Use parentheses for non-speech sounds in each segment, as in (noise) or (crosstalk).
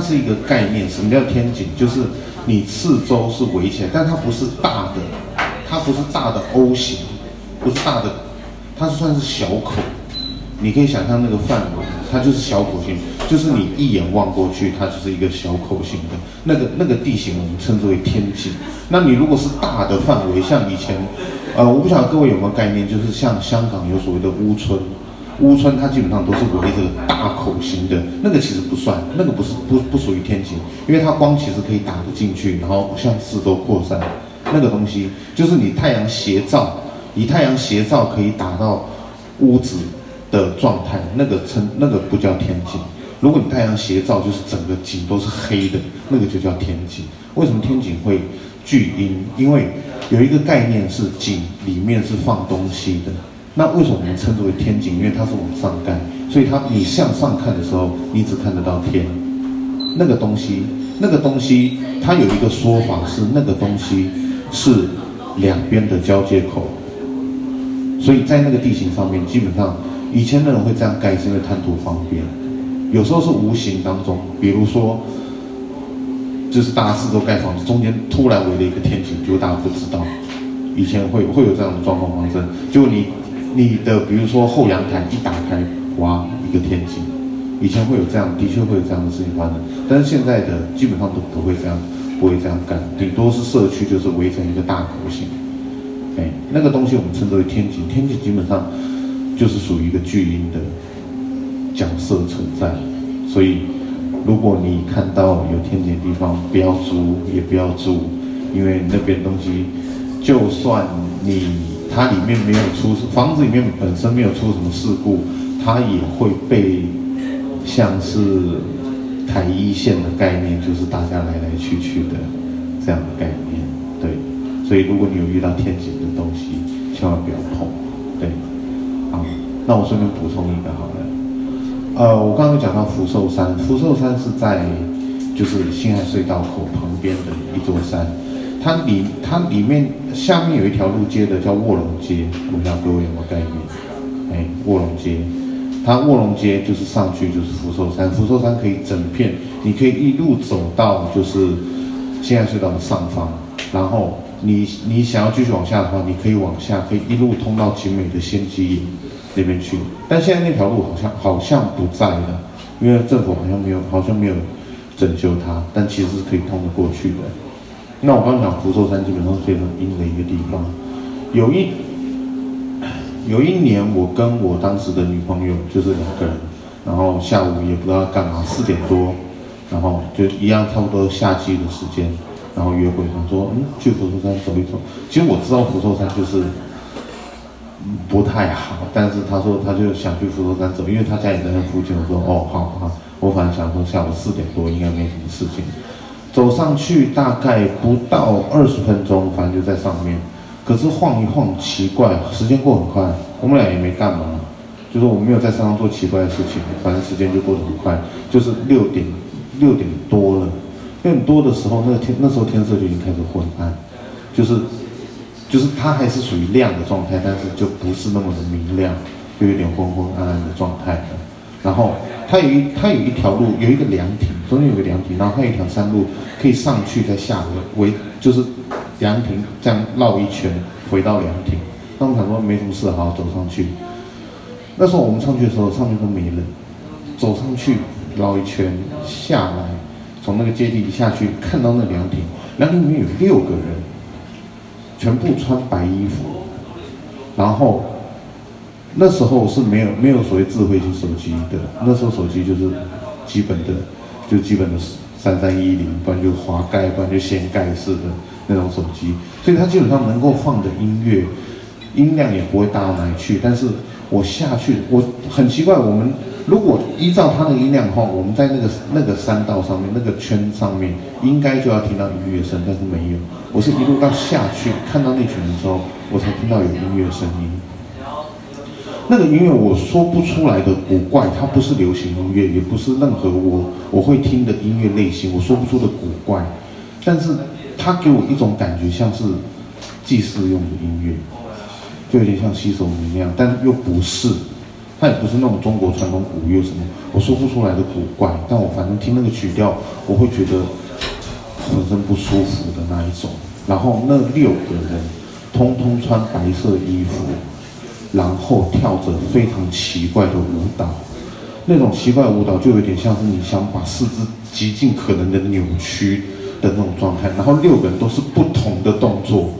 它是一個概念，什麼叫天井？就是你四周是圍起來，但它不是大的，它不是大的 O 型，不是大的，它是算是小口。你可以想象那個範圍，它就是小口型，就是你一眼望過去，它就是一個小口型的。那個那個地形我們稱之為天井。那你如果是大的範圍，像以前，呃，我不曉得各位有沒有概念，就是像香港有所謂的屋村。屋村它基本上都是圍這個大口型的，那個其實不算，那個不是不，不屬於天井，因為它光其實可以打得進去，然後向四周擴散。那個東西就是你太陽斜照，你太陽斜照可以打到屋子的狀態，那個稱，那個不叫天井。如果你太陽斜照就是整個井都是黑的，那個就叫天井。為什麼天井會聚陰？因為有一個概念是井裡面是放東西的。那為什麼我們稱之為天井？因為它是往上蓋，所以它你向上看的時候，你只看得到天。那個東西，那個東西，它有一個說法是那個東西是兩邊的交接口。所以在那個地形上面，基本上以前的人會這樣蓋，是因為貪圖方便。有時候是無形當中，比如說就是大家四周蓋房子，中間突然圍了一個天井，就大家不知道，以前會會有這樣的狀況發生，就你。你的比如說後陽台一打開，哇，一個天井，以前會有這樣的，的確會有這樣的事情發生。但是現在的基本上都不會這樣，不會這樣幹。頂多是社區就是圍成一個大圖形，哎，那個東西我們稱之為天井。天井基本上就是屬於一個巨嬰的角色存在。所以，如果你看到有天井的地方，不要租，也不要租，因為那邊東西，就算你。它裡面沒有出事，房子裡面本身沒有出什麼事故，它也會被像是台一線的概念，就是大家來來去去的這樣的概念，對。所以如果你有遇到天井的東西，千萬不要碰，對。好，那我順便補充一個好了，呃，我剛剛講到福壽山，福壽山是在就是辛亥隧道口旁邊的一座山。它裡它裡面下面有一條路接的叫臥龍街，我不知道各位有沒有概念，哎、欸，臥龍街，它臥龍街就是上去就是福壽山，福壽山可以整片，你可以一路走到就是辛亥隧道的上方，然後你你想要繼續往下的話，你可以往下可以一路通到景美的仙跡岩那邊去，但現在那條路好像好像不在了，因為政府好像沒有好像沒有整修它，但其實是可以通得過去的。那我剛講，福壽山基本上是非常陰的一個地方。有一有一年，我跟我當時的女朋友就是兩個人，然後下午也不知道幹嘛，四點多，然後就一樣差不多夏季的時間，然後約會。他說：“嗯，去福壽山走一走。”其實我知道福壽山就是不太好，但是她說她就想去福壽山走，因為她家也在那附近。我說：“哦，好好，好。”，我反正想說，下午四點多應該沒什麼事情。走上去大概不到二十分鐘，反正就在上面。可是晃一晃，奇怪，時間過很快，我們倆也沒幹嘛，就是我沒有在山上做奇怪的事情，反正時間就過得很快，就是六點，六點多了。六點多的時候，那天那時候天色就已經開始昏暗，就是，就是它還是屬於亮的狀態，但是就不是那麼的明亮，就有點昏昏暗暗的狀態。然後它有一它有一條路，有一個涼亭，中間有個涼亭，然後還有一條山路可以上去再下來，圍就是涼亭這樣繞一圈回到涼亭。那我們想說沒什麼事，好好走上去。那時候我們上去的時候，上面都沒人，走上去繞一圈下來，從那個階梯下去看到那涼亭，涼亭裡面有六個人，全部穿白衣服，然後。那時候我是沒有沒有所謂智慧型手機的，那時候手機就是基本的，就基本的三三一零，不然就滑蓋，不然就掀蓋式的那種手機，所以它基本上能夠放的音樂音量也不會大到哪裡去。但是我下去，我很奇怪，我們如果依照它的音量的話，我們在那個那個山道上面，那個圈上面應該就要聽到音樂聲，但是沒有。我是一路到下去看到那群人的時候，我才聽到有音樂聲音。那個音樂我說不出來的古怪，它不是流行音樂，也不是任何我我會聽的音樂類型，我說不出的古怪。但是它給我一種感覺，像是祭祀用的音樂，就有點像洗手禮那樣，但又不是。它也不是那種中國傳統古樂什麼，我說不出來的古怪。但我反正聽那個曲調，我會覺得渾身不舒服的那一種。然後那六個人通通穿白色衣服。然後跳着非常奇怪的舞蹈，那種奇怪舞蹈就有點像是你想把四肢極盡可能的扭曲的那種狀態。然後六個人都是不同的動作。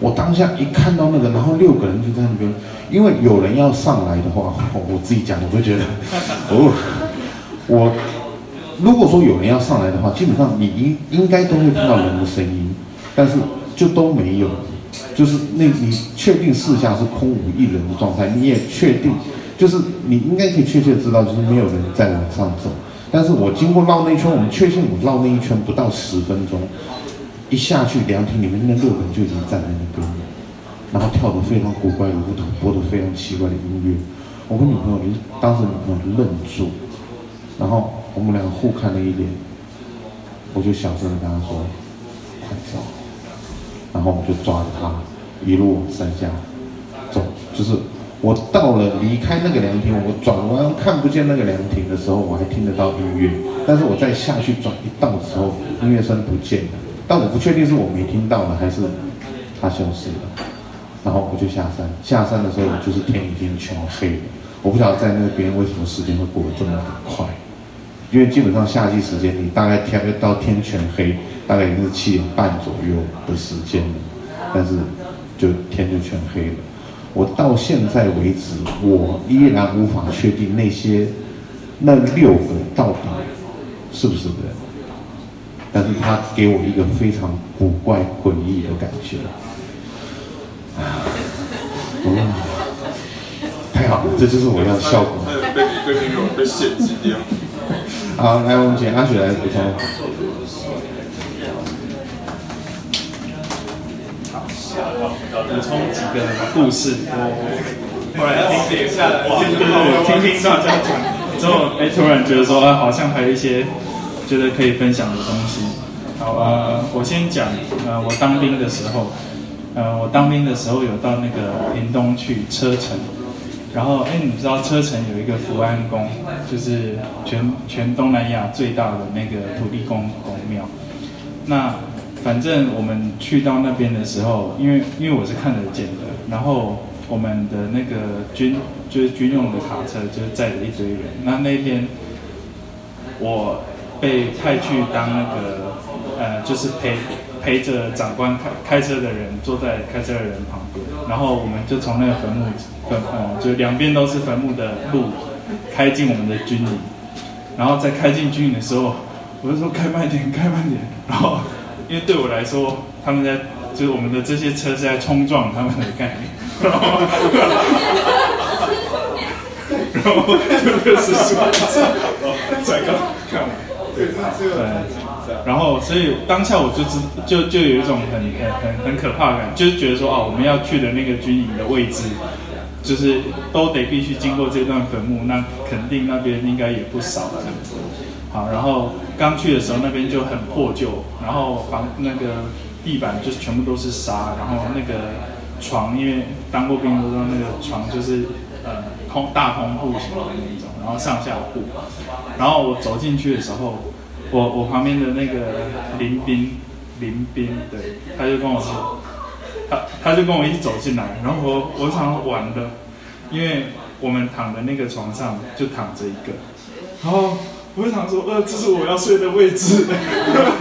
我當下一看到那個，然後六個人就在那邊，因為有人要上來的話，我自己講，我會覺得，哦，我，如果說有人要上來的話，基本上你應應該都會聽到人的聲音，但是就都沒有。就是那，你確定四下是空無一人的狀態？你也確定，就是你應該可以確切知道，就是沒有人再往上走。但是我經過繞那一圈，我們確信，我繞那一圈不到十分鐘，一下去涼亭裡面那六個人就已經站在那邊了，然後跳得非常古怪的舞蹈，播的非常奇怪的音樂。我跟女朋友，當時女朋友愣住，然後我們兩個互看了一眼，我就小聲地跟她說：“快走。”然後我們就抓着他一路往山下走。就是我到了離開那個涼亭，我轉彎看不見那個涼亭的時候，我還聽得到音樂。但是我再下去轉一道的時候，音樂聲不見了。但我不確定是我沒聽到呢還是他消失了。然後我就下山，下山的時候我就是天已經全黑了。我不曉得在那邊為什麼時間會過得這麼的快，因為基本上夏季時間你大概天到天全黑。大概也是七點半左右的時間，但是就天就全黑了。我到現在為止，我依然無法確定那些那六個到底是不是人，但是他給我一個非常古怪詭異的感覺。啊，哇、嗯，太好了，這就是我要的效果。被你被你被嫌棄掉。 (laughs) (laughs) 好，來，我們請阿雪來補充。補充幾個故事，我後來要聽一下，聽聽大家講之後，哎、欸，突然覺得說，啊，好像還有一些覺得可以分享的東西。好啊，我先講，呃，我當兵的時候，呃，我當兵的時候有到那個屏東去車城，然後，哎、欸，你知道車城有一個福安宮，就是全全東南亞最大的那個土地公公廟，那。反正我們去到那邊的時候，因為因為我是看得見的，然後我們的那個軍就是軍用的卡車，就載着一堆人。那那天我被派去當那個呃，就是陪陪着長官開開車的人，坐在開車的人旁邊。然後我們就從那個墳墓墳、嗯、就兩邊都是墳墓的路開進我們的軍營。然後在開進軍營的時候，我就說開慢點，開慢點，然後。因為對我來說，他們在就是我們的這些車是在衝撞他們的概念，然後對，然後所以當下我就知就就有一種很很很很可怕感，就是覺得說哦，我們要去的那個軍營的位置，就是都得必須經過這段墳墓，那肯定那邊應該也不少好，然後剛去的時候那邊就很破舊，然後房那個地板就全部都是沙，然後那個床因為當過兵的時候那個床就是呃、嗯、空大通鋪型的那種，然後上下鋪。然後我走進去的時候，我我旁邊的那個林兵林兵，對，他就跟我說，他他就跟我一起走進來，然後我我想玩的，因為我們躺的那個床上就躺着一個，然後。我就想說，呃，這是我要睡的位置。然後，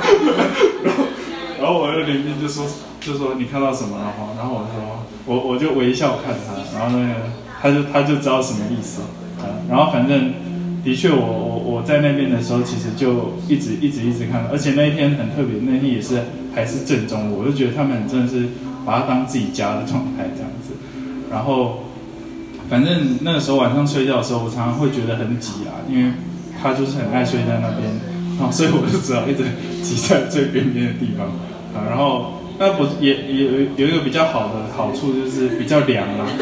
然後我又鄰居就說，就說，你看到什麼了？然後，然後我就說，我我就微笑看他。然後那個，他就他就知道什麼意思。然後反正的，的確，我我我在那邊的時候，其實就一直一直一直看。而且那一天很特別，那天也是還是正中午，我就覺得他們真的是把它當自己家的狀態這樣子。然後，反正那個時候晚上睡覺的時候，我常常會覺得很擠啊，因為。他就是很愛睡在那邊啊、哦，所以我就只好一直擠在最邊邊的地方啊。然後那不也有有一個比較好的好處，就是比較涼嘛、啊，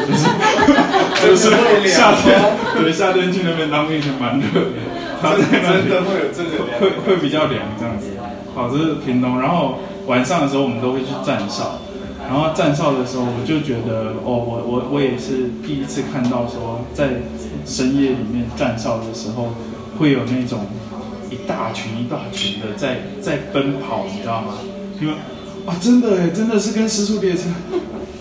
就是夏 (laughs) 天，對，夏 (laughs) 天去那邊，當兵也蠻熱的，那真的會有這個會會比較涼這樣子。好、哦，這，就是屏東。然後晚上的時候，我們都會去站哨。然後站哨的時候，我就覺得哦，我我我也是第一次看到說在深夜裡面站哨的時候。會有那種一大群一大群的在在奔跑，你知道嗎？因為啊，真的哎，真的是跟失速列車，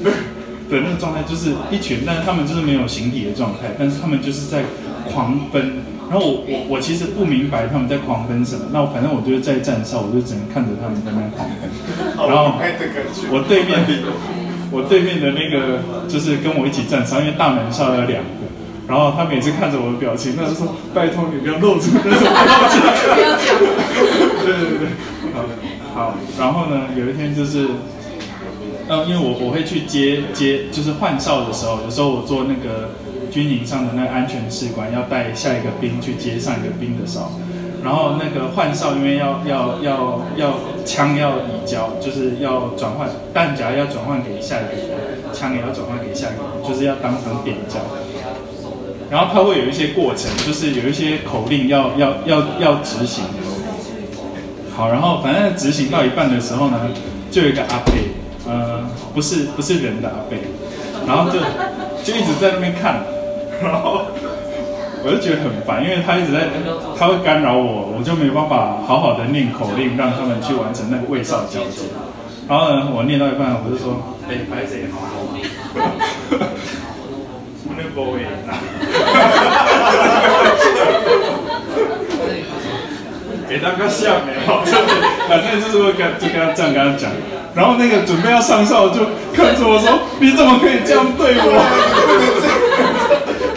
不是， (laughs) 對那個狀態就是一群，但是他們就是沒有形體的狀態，但是他們就是在狂奔。然後我我我其實不明白他們在狂奔什麼。那我反正我就在站哨，我就只能看着他們在那狂奔。然後我對面的我對面的那個就是跟我一起站哨，因為大門上有兩個。然後他每次看着我的表情，他就說，拜託你不要露出來。不 (laughs) 要對對對好，好。然後呢，有一天就是，嗯、啊，因為我我會去接接就是換哨的時候，有時候我做那個軍營上的那個安全士官，要帶下一個兵去接上一個兵的哨。然後那個換哨因為要要要要槍要移交，就是要轉換彈夾要轉換給下一個，槍也要轉換給下一個，就是要當成點交。然後他會有一些過程，就是有一些口令要要要要執行的。哦。好，然後反正執行到一半的時候呢，就有一個阿貝，嗯、呃，不是不是人的阿貝，然後就就一直在那邊看，然後我就覺得很煩，因為他一直在，他會干擾我，我就沒有辦法好好的念口令，讓他們去完成那個衛哨交接。然後呢，我念到一半，我就說，哎，白色也好嗎？ (laughs) 給大家笑的哦、啊，真的，反正就是說跟就跟他這樣跟他講，然後那個準備要上哨就看着我說，你怎麼可以這樣對我？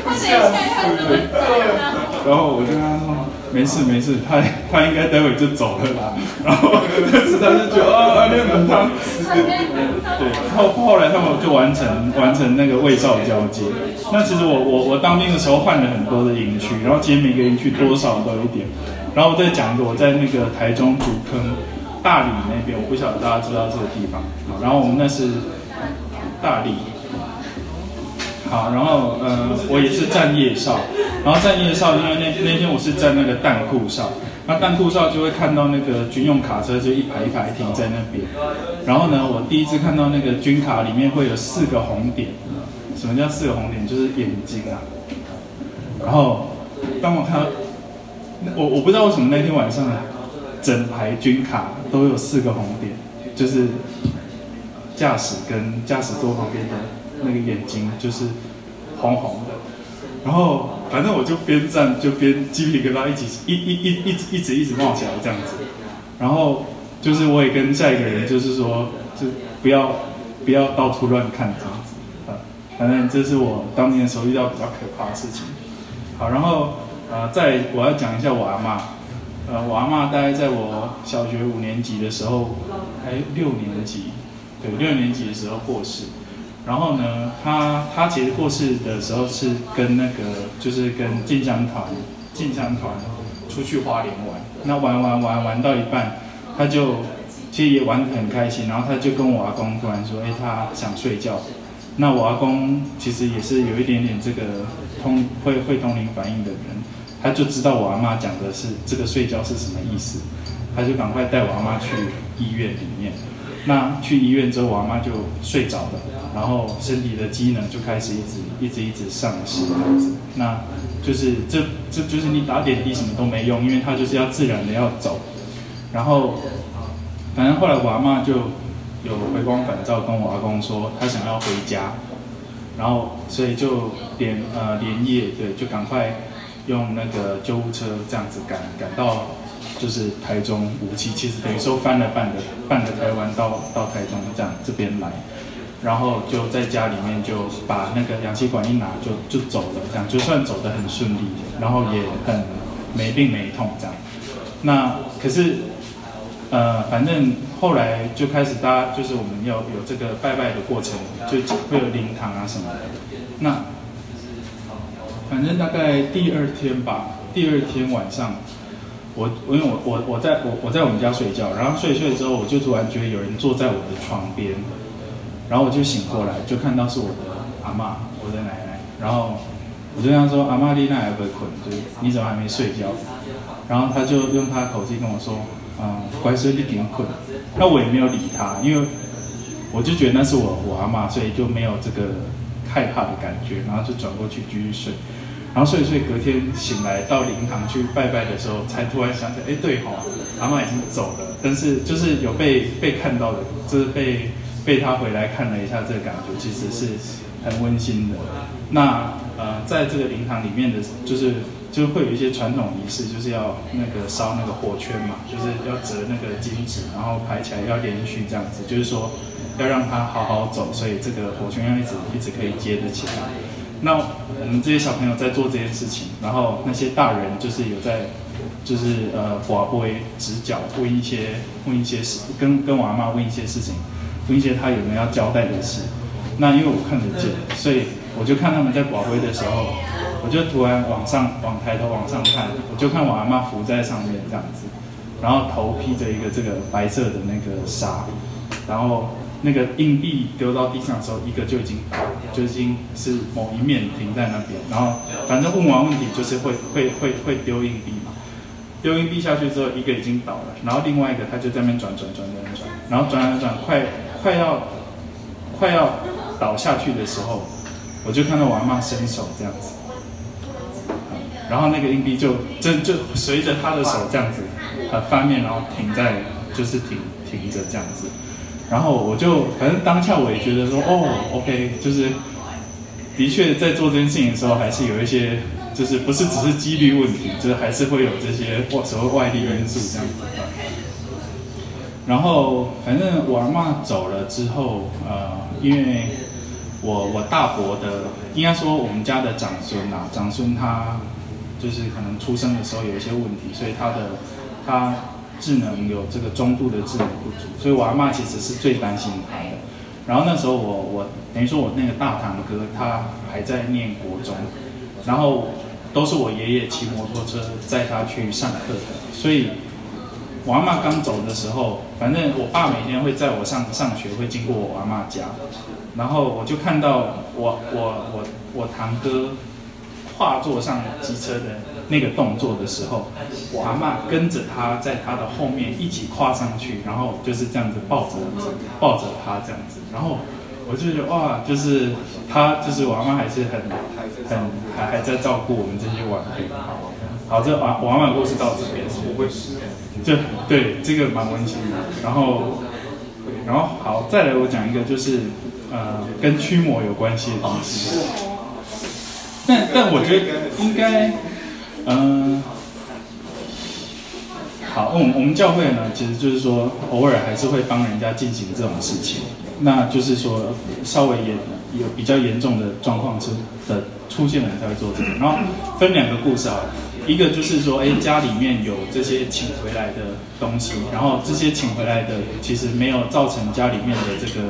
不像 啊啊、然後我就跟他說。沒事沒事，他他應該待會就走了吧。然後。但是 (laughs) 他就覺得啊，那邊他，對。後後來他們就完成完成那個衛哨交接。那其實我我我當兵的時候換了很多的營區，然後其實每個營區多少都有一點。然後我在講的，我在那個台中竹坑、大理那邊，我不曉得大家知道這個地方。然後我們那是大理。好，然後呃，我也是站夜哨，然後站夜哨，因為那那天我是站那個彈庫哨，那彈庫哨就會看到那個軍用卡車就一排一排停在那邊，然後呢，我第一次看到那個軍卡裡面會有四個紅點，什麼叫四個紅點？就是眼睛啊，然後當我看到，我我不知道為什麼那天晚上，整排軍卡都有四個紅點，就是駕駛跟駕駛座旁邊的。那個眼睛就是紅紅的，然後反正我就邊站就邊雞皮疙瘩一起一一一一,一,一直一直一直冒起來這樣子，然後就是我也跟下一個人就是說就不要不要到處亂看這樣子啊，反正這是我當年的時候遇到比較可怕的事情。好，然後呃，再，我要講一下我阿嬤，呃，我阿嬤大概在我小學五年級的時候，還六年級，對，六年級的時候過世。然後呢，他他其實過世的時候是跟那個就是跟進香團，進香團出去花蓮玩，那玩玩玩玩到一半，他就其實也玩得很開心，然後他就跟我阿公突然說，哎，他想睡覺。那我阿公其實也是有一點點這個通會會通靈反應的人，他就知道我阿嬤講的是這個睡覺是什麼意思，他就趕快帶我阿嬤去醫院裡面。那去醫院之後，我阿嬤就睡着了。然後身體的機能就開始一直一直一直喪失這樣子，那就是這這就是你打點滴什麼都沒用，因為他就是要自然的要走。然後，反正後來我阿嬤就有回光返照，跟我阿公說他想要回家，然後所以就連呃連夜對，就趕快用那個救護車這樣子趕趕到就是台中五期，其實等於說翻了半個半個台灣到到台中這樣這邊來。然後就在家裡面就把那個氧氣管一拿就就走了，這樣就算走得很順利，然後也很沒病沒痛這樣。那可是呃，反正後來就開始大家就是我們要有這個拜拜的過程，就會有靈堂啊什麼的。那反正大概第二天吧，第二天晚上，我因為我我我在我我在我們家睡覺，然後睡了睡了之後，我就突然覺得有人坐在我的床邊。然後我就醒過來，就看到是我的阿嬤，我的奶奶。然後我就跟她說：“阿嬤，你那還不困？對，你怎麼還沒睡覺？”然後她就用她的口氣跟我說：“嗯，乖孫有點困。”那我也沒有理她，因為我就覺得那是我我阿嬤，所以就沒有這個害怕的感覺。然後就轉過去繼續睡。然後睡睡，隔天醒來到靈堂去拜拜的時候，才突然想起來：“哎，對哈、哦，阿嬤已經走了，但是就是有被被看到的，就是被。”被他回來看了一下，這個感覺其實是很溫馨的。那呃，在這個靈堂裡面的，就是就會有一些傳統儀式，就是要那個燒那個火圈嘛，就是要折那個金紙，然後排起來要連續這樣子，就是說要讓它好好走，所以這個火圈要一直一直可以接得起來。那我們這些小朋友在做這件事情，然後那些大人就是有在，就是呃，劃婦直角問一些問一些事，跟跟我阿嬤問一些事情。一些他有沒有要交代的事，那因為我看得見，所以我就看他們在保回的時候，我就突然往上往抬頭往上看，我就看我阿媽浮在上面這樣子，然後頭披着一個這個白色的那個紗，然後那個硬幣丟到地上的時候，一個就已經倒就已經是某一面停在那邊，然後反正問完問題就是會會會會丟硬幣嘛，丟硬幣下去之後一個已經倒了，然後另外一個他就在那邊轉轉轉轉轉，然後轉轉轉快。快要快要倒下去的時候，我就看到我阿嬤伸手這樣子，嗯、然後那個硬幣就就就隨着她的手這樣子，很、呃、翻面，然後停在就是停停着這樣子，然後我就反正當下我也覺得說哦，OK，就是的確在做這件事情的時候，還是有一些就是不是只是幾率問題，就是還是會有這些或所謂外力因素這樣子。嗯然後，反正我阿嬤走了之後，呃，因為我我大伯的，應該說我們家的長孫吶、啊，長孫他就是可能出生的時候有一些問題，所以他的他智能，有這個中度的智能不足，所以我阿嬤其實是最擔心他的。然後那時候我我等於說我那個大堂哥他還在念國中，然後都是我爺爺騎摩托車車載他去上課的，所以我阿嬤剛走的時候。反正我爸每天會在我上上學會經過我阿嬤家，然後我就看到我我我我堂哥跨坐上機車的那個動作的時候，阿嬤跟着他在他的後面一起跨上去，然後就是這樣子抱着抱着他這樣子，然後我就覺得哇，就是他就是我阿嬤還是很很還還在照顧我們這些晚輩。好，這我我阿嬤故事到這邊。我會就對這個蠻溫馨的，然後，然後好，再來我講一個就是，呃，跟驅魔有關係的東西。但但我覺得應該，嗯、呃，好，我們我們教會呢，其實就是說偶爾還是會幫人家進行這種事情。那就是說稍微嚴有比較嚴重的狀況出的出現的人才會做這個。然後分兩個故事啊。一個就是說，哎、欸，家裡面有這些請回來的東西，然後這些請回來的其實沒有造成家裡面的這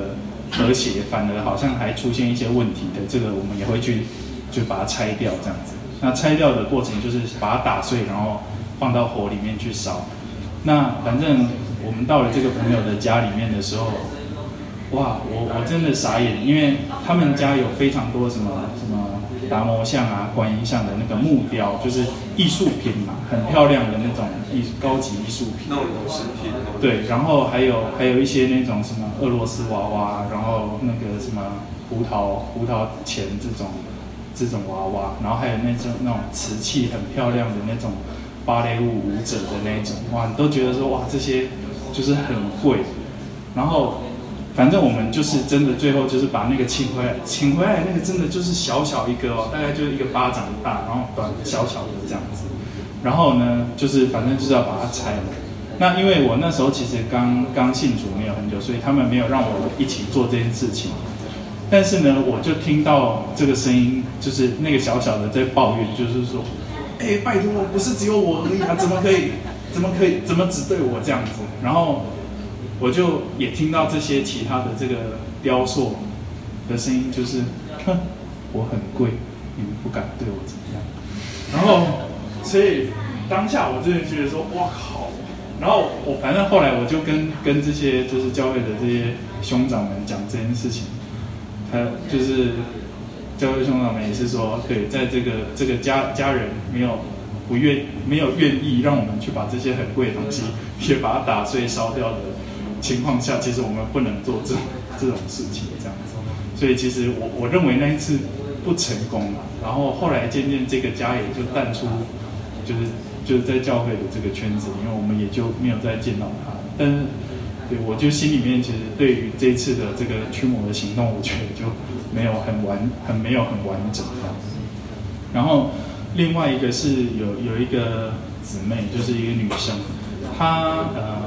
個和諧，反而好像還出現一些問題的，這個我們也會去就把它拆掉這樣子。那拆掉的過程就是把它打碎，然後放到火裡面去燒。那反正我們到了這個朋友的家裡面的時候，哇，我我真的傻眼，因為他們家有非常多什麼什麼。達摩像啊，觀音像的那個木雕，就是藝術品嘛，很漂亮的那種藝術，高級藝術品。對，然後還有還有一些那種什麼俄羅斯娃娃，然後那個什麼胡桃胡桃鉗這種這種娃娃，然後還有那種那種瓷器，很漂亮的那種芭蕾舞舞者的那種哇，你都覺得說，哇，這些就是很貴，然後。反正我們就是真的，最後就是把那個請回來，請回來那個真的就是小小一個哦，大概就是一個巴掌大，然後短、小小的這樣子。然後呢，就是反正就是要把它拆了。那因為我那時候其實剛剛信主沒有很久，所以他們沒有讓我一起做這件事情。但是呢，我就聽到這個聲音，就是那個小小的在抱怨，就是說：“哎，拜托，不是只有我而已啊，怎麼可以，怎麼可以，怎麼只對我這樣子？”然後。我就也聽到這些其他的這個雕塑的聲音，就是，哼，我很貴，你們不敢對我怎麼樣。然後，所以當下我真的覺得說，哇靠！然後我反正後來我就跟跟這些就是教會的這些兄長們講這件事情，他就是教會兄長們也是說，對，在這個這個家家人沒有不願沒有願意讓我們去把這些很貴的東西去把它打碎燒掉的。情況下，其實我們不能做這這種事情，這樣子。所以其實我我認為那一次不成功了。然後後來漸漸這個家也就淡出，就是就是在教會的這個圈子，因為我們也就沒有再見到他。但是對我就心裡面其實對於這次的這個驅魔的行動，我覺得就沒有很完，很沒有很完整的。然後另外一個是有有一個姊妹，就是一個女生，她呃。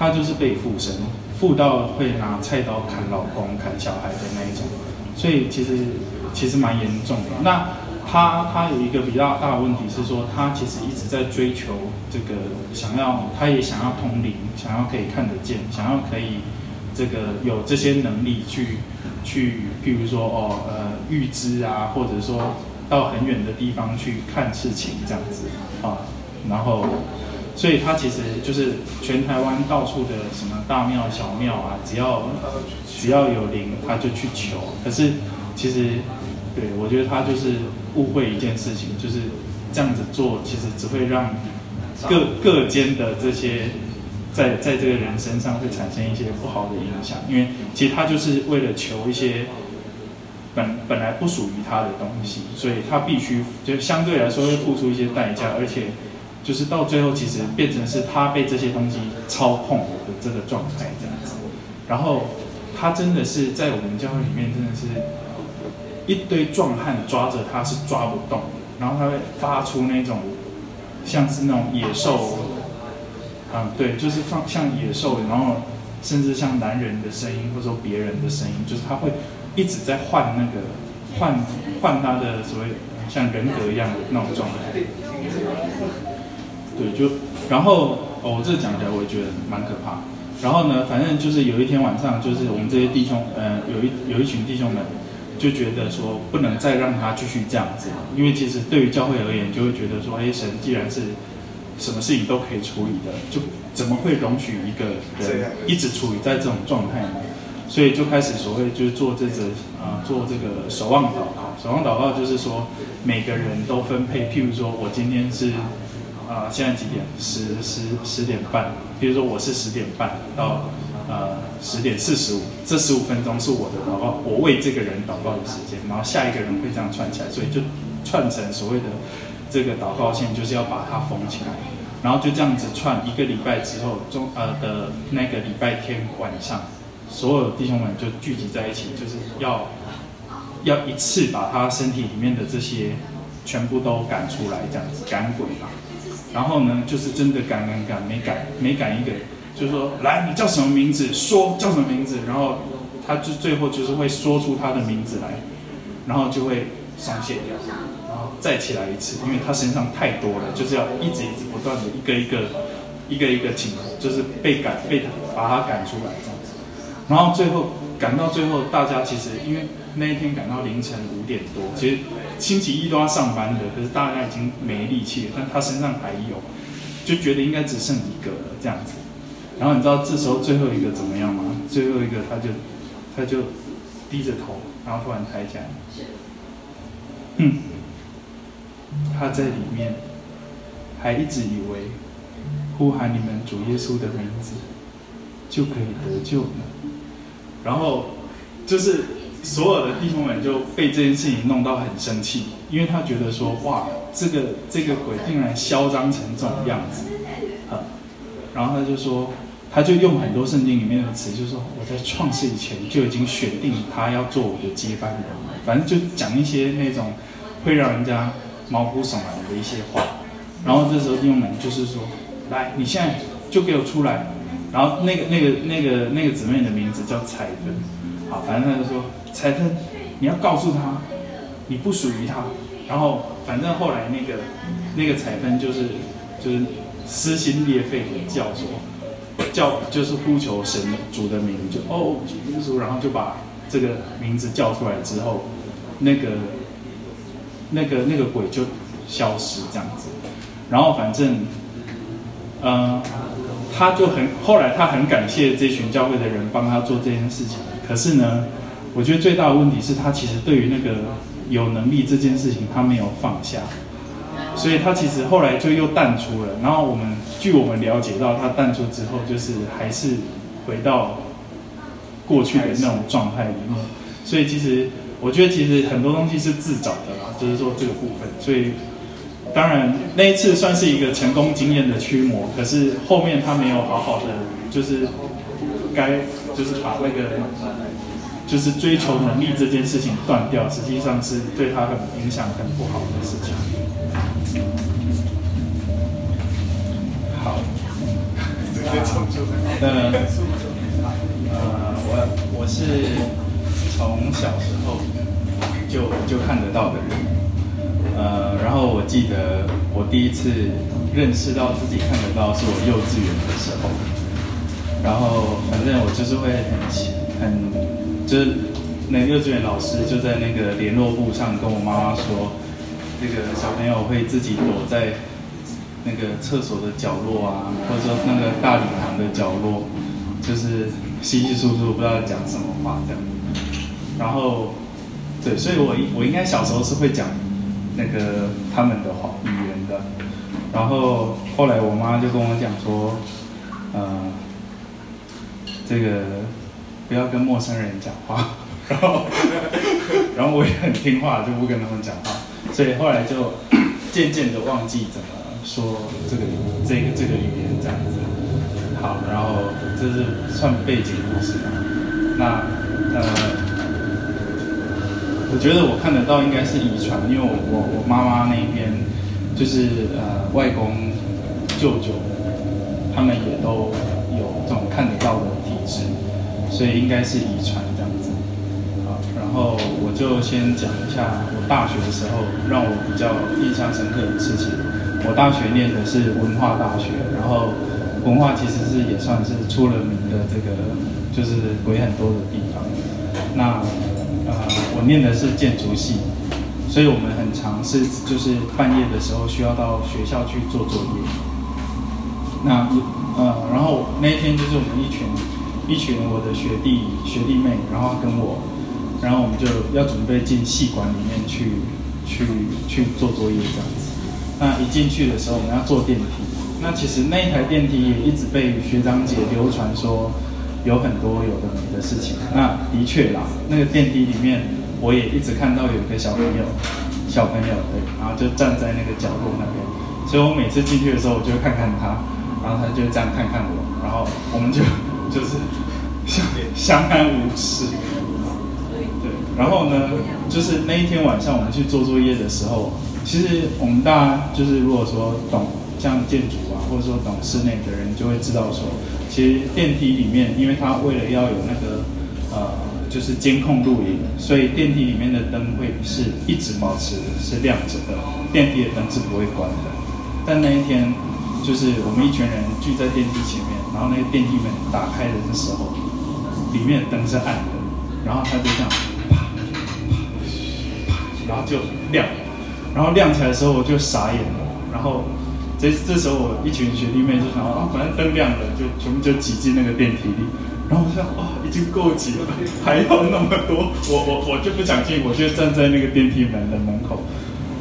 他就是被附身，附到會拿菜刀砍老公、砍小孩的那一種，所以其實其實蠻嚴重的。那他他有一個比較大的問題是說，他其實一直在追求這個，想要他也想要通靈，想要可以看得見，想要可以這個有這些能力去去，譬如說哦呃預知啊，或者說到很遠的地方去看事情這樣子啊、哦，然後。所以他其實就是全台灣到處的什麼大廟小廟啊，只要只要有靈他就去求。可是其實對我覺得他就是誤會一件事情，就是這樣子做，其實只會讓各各間的這些在在這個人身上會產生一些不好的影響。因為其實他就是為了求一些本本來不屬於他的東西，所以他必須就相對來說會付出一些代價，而且。就是到最後，其實變成是他被這些東西操控的這個狀態，這樣子。然後他真的是在我們教會裡面，真的是一堆壯漢抓着他是抓不動。然後他會發出那種像是那種野獸，嗯，對，就是放像野獸，然後甚至像男人的聲音，或者說別人的聲音，就是他會一直在換那個換換他的所謂像人格一樣的那種狀態。對，就然後、哦、我這講起來，我也覺得蠻可怕。然後呢，反正就是有一天晚上，就是我們這些弟兄，嗯、呃，有一有一群弟兄們就覺得說，不能再讓他繼續這樣子了，因為其實對於教會而言，就會覺得說，哎，神既然是什麼事情都可以處理的，就怎麼會容許一個人一直處於在這種狀態呢？所以就開始所謂就是做這個啊、呃，做這個守望禱告。守望禱告就是說，每個人都分配，譬如說我今天是。啊、呃，現在幾點？十十十點半。比如說我是十點半到，呃，十點四十五，這十五分鐘是我的禱告，我為這個人禱告的時間。然後下一個人會這樣串起來，所以就串成所謂的這個禱告線，就是要把它縫起來。然後就這樣子串一個禮拜之後，中呃的那個禮拜天晚上，所有弟兄們就聚集在一起，就是要要一次把他身體裡面的這些全部都趕出來，這樣子趕鬼吧。然後呢，就是真的趕趕、趕，沒趕沒趕一個，就是說來，你叫什麼名字？說叫什麼名字？然後他就最後就是會說出他的名字來，然後就會鬆懈掉，然後再起來一次，因為他身上太多了，就是要一直一直不斷的，一個一個，一個一個緊，就是被趕被把他趕出來這樣子。然後最後趕到最後，大家其實因為那一天趕到凌晨五點多，其實。星期一都要上班的，可是大家已經沒力氣了，但他身上還有，就覺得應該只剩一個了，這樣子。然後你知道這時候最後一個怎麼樣嗎？最後一個他就他就低着頭，然後突然抬起來，哼，他在裡面還一直以為呼喊你們主耶穌的名字就可以得救了，然後就是。所有的弟兄們就被這件事情弄到很生氣，因為他覺得說，哇，這個這個鬼竟然囂張成這種樣子，啊、嗯！然後他就說，他就用很多聖經裡面的詞，就是說我在創世以前就已經選定他要做我的接班人，反正就講一些那種會讓人家毛骨悚然的一些話。然後這時候弟兄們就是說，來，你現在就給我出來。然後那個那個那個那個姊妹的名字叫彩芬，好，反正他就說。彩芬，你要告訴他，你不屬於他。然後，反正後來那個那個彩芬就是就是撕心裂肺的叫做叫就是呼求神的主的名字，哦主耶穌，然後就把這個名字叫出來之後，那個那個那個鬼就消失這樣子。然後反正，嗯、呃，他就很後來他很感謝這群教會的人幫他做這件事情。可是呢。我覺得最大的問題是，他其實對於那個有能力這件事情，他沒有放下，所以他其實後來就又淡出了。然後我們據我們了解到，他淡出之後，就是還是回到過去的那種狀態裡面。所以其實我覺得，其實很多東西是自找的啦，就是說這個部分。所以當然那一次算是一個成功經驗的驅魔，可是後面他沒有好好的，就是該就是把那個。就是追求能力這件事情斷掉，實際上是對他很影響很不好的事情。好，啊， (laughs) 呃，呃，我我是從小時候就就看得到的人，呃，然後我記得我第一次認識到自己看得到是我幼稚園的時候，然後反正我就是會很很。就是那個、幼稚園老師就在那個聯絡簿上跟我媽媽說，那個小朋友會自己躲在那個廁所的角落啊，或者說那個大禮堂的角落，就是稀稀疏疏，不知道講什麼話這樣，然後，對，所以我我應該小時候是會講那個他們的話語言的。然後後來我媽就跟我講說，呃，這個。不要跟陌生人講話，然後， (laughs) 然後我也很聽話，就不跟他們講話，所以後來就 (coughs) 漸漸的忘記怎麼說這個這個這個語言這樣子。好，然後這是算背景故事吧。那呃，我覺得我看得到應該是遺傳，因為我我我媽媽那邊就是呃外公舅舅，他們也都有這種看得到的體質。所以應該是遺傳這樣子，好，然後我就先講一下我大學的時候讓我比較印象深刻的事情。我大學念的是文化大學，然後文化其實是也算是出了名的這個就是鬼很多的地方那。那呃，我念的是建築系，所以我們很常是就是半夜的時候需要到學校去做作業那。那呃，然後那一天就是我們一群。一群我的學弟學弟妹，然後跟我，然後我們就要準備進戲館裡面去去去做作業這樣子。那一進去的時候，我們要坐電梯。那其實那一台電梯也一直被學長姐流傳說有很多有的沒的事情。那的確啦，那個電梯裡面我也一直看到有一個小朋友小朋友，對，然後就站在那個角落那邊。所以我每次進去的時候，我就看看他，然後他就這樣看看我，然後我們就。就是相相安無事，對。然後呢，就是那一天晚上我們去做作業的時候，其實我們大家就是如果說懂像建築啊，或者說懂室內的人，就會知道說，其實電梯裡面，因為它為了要有那個呃，就是監控錄影，所以電梯裡面的燈會是一直保持是亮着的，電梯的燈是不會關的。但那一天。就是我們一群人聚在電梯前面，然後那個電梯門打開的時候，裡面燈是暗的，然後他就這樣啪啪啪，然後就亮，然後亮起來的時候我就傻眼了，然後這這時候我一群學弟妹就想到啊，反正燈亮了，就全部就擠進那個電梯裡，然後我就想啊，已經夠擠了，還要那麼多，我我我就不想進，我就站在那個電梯門的門口，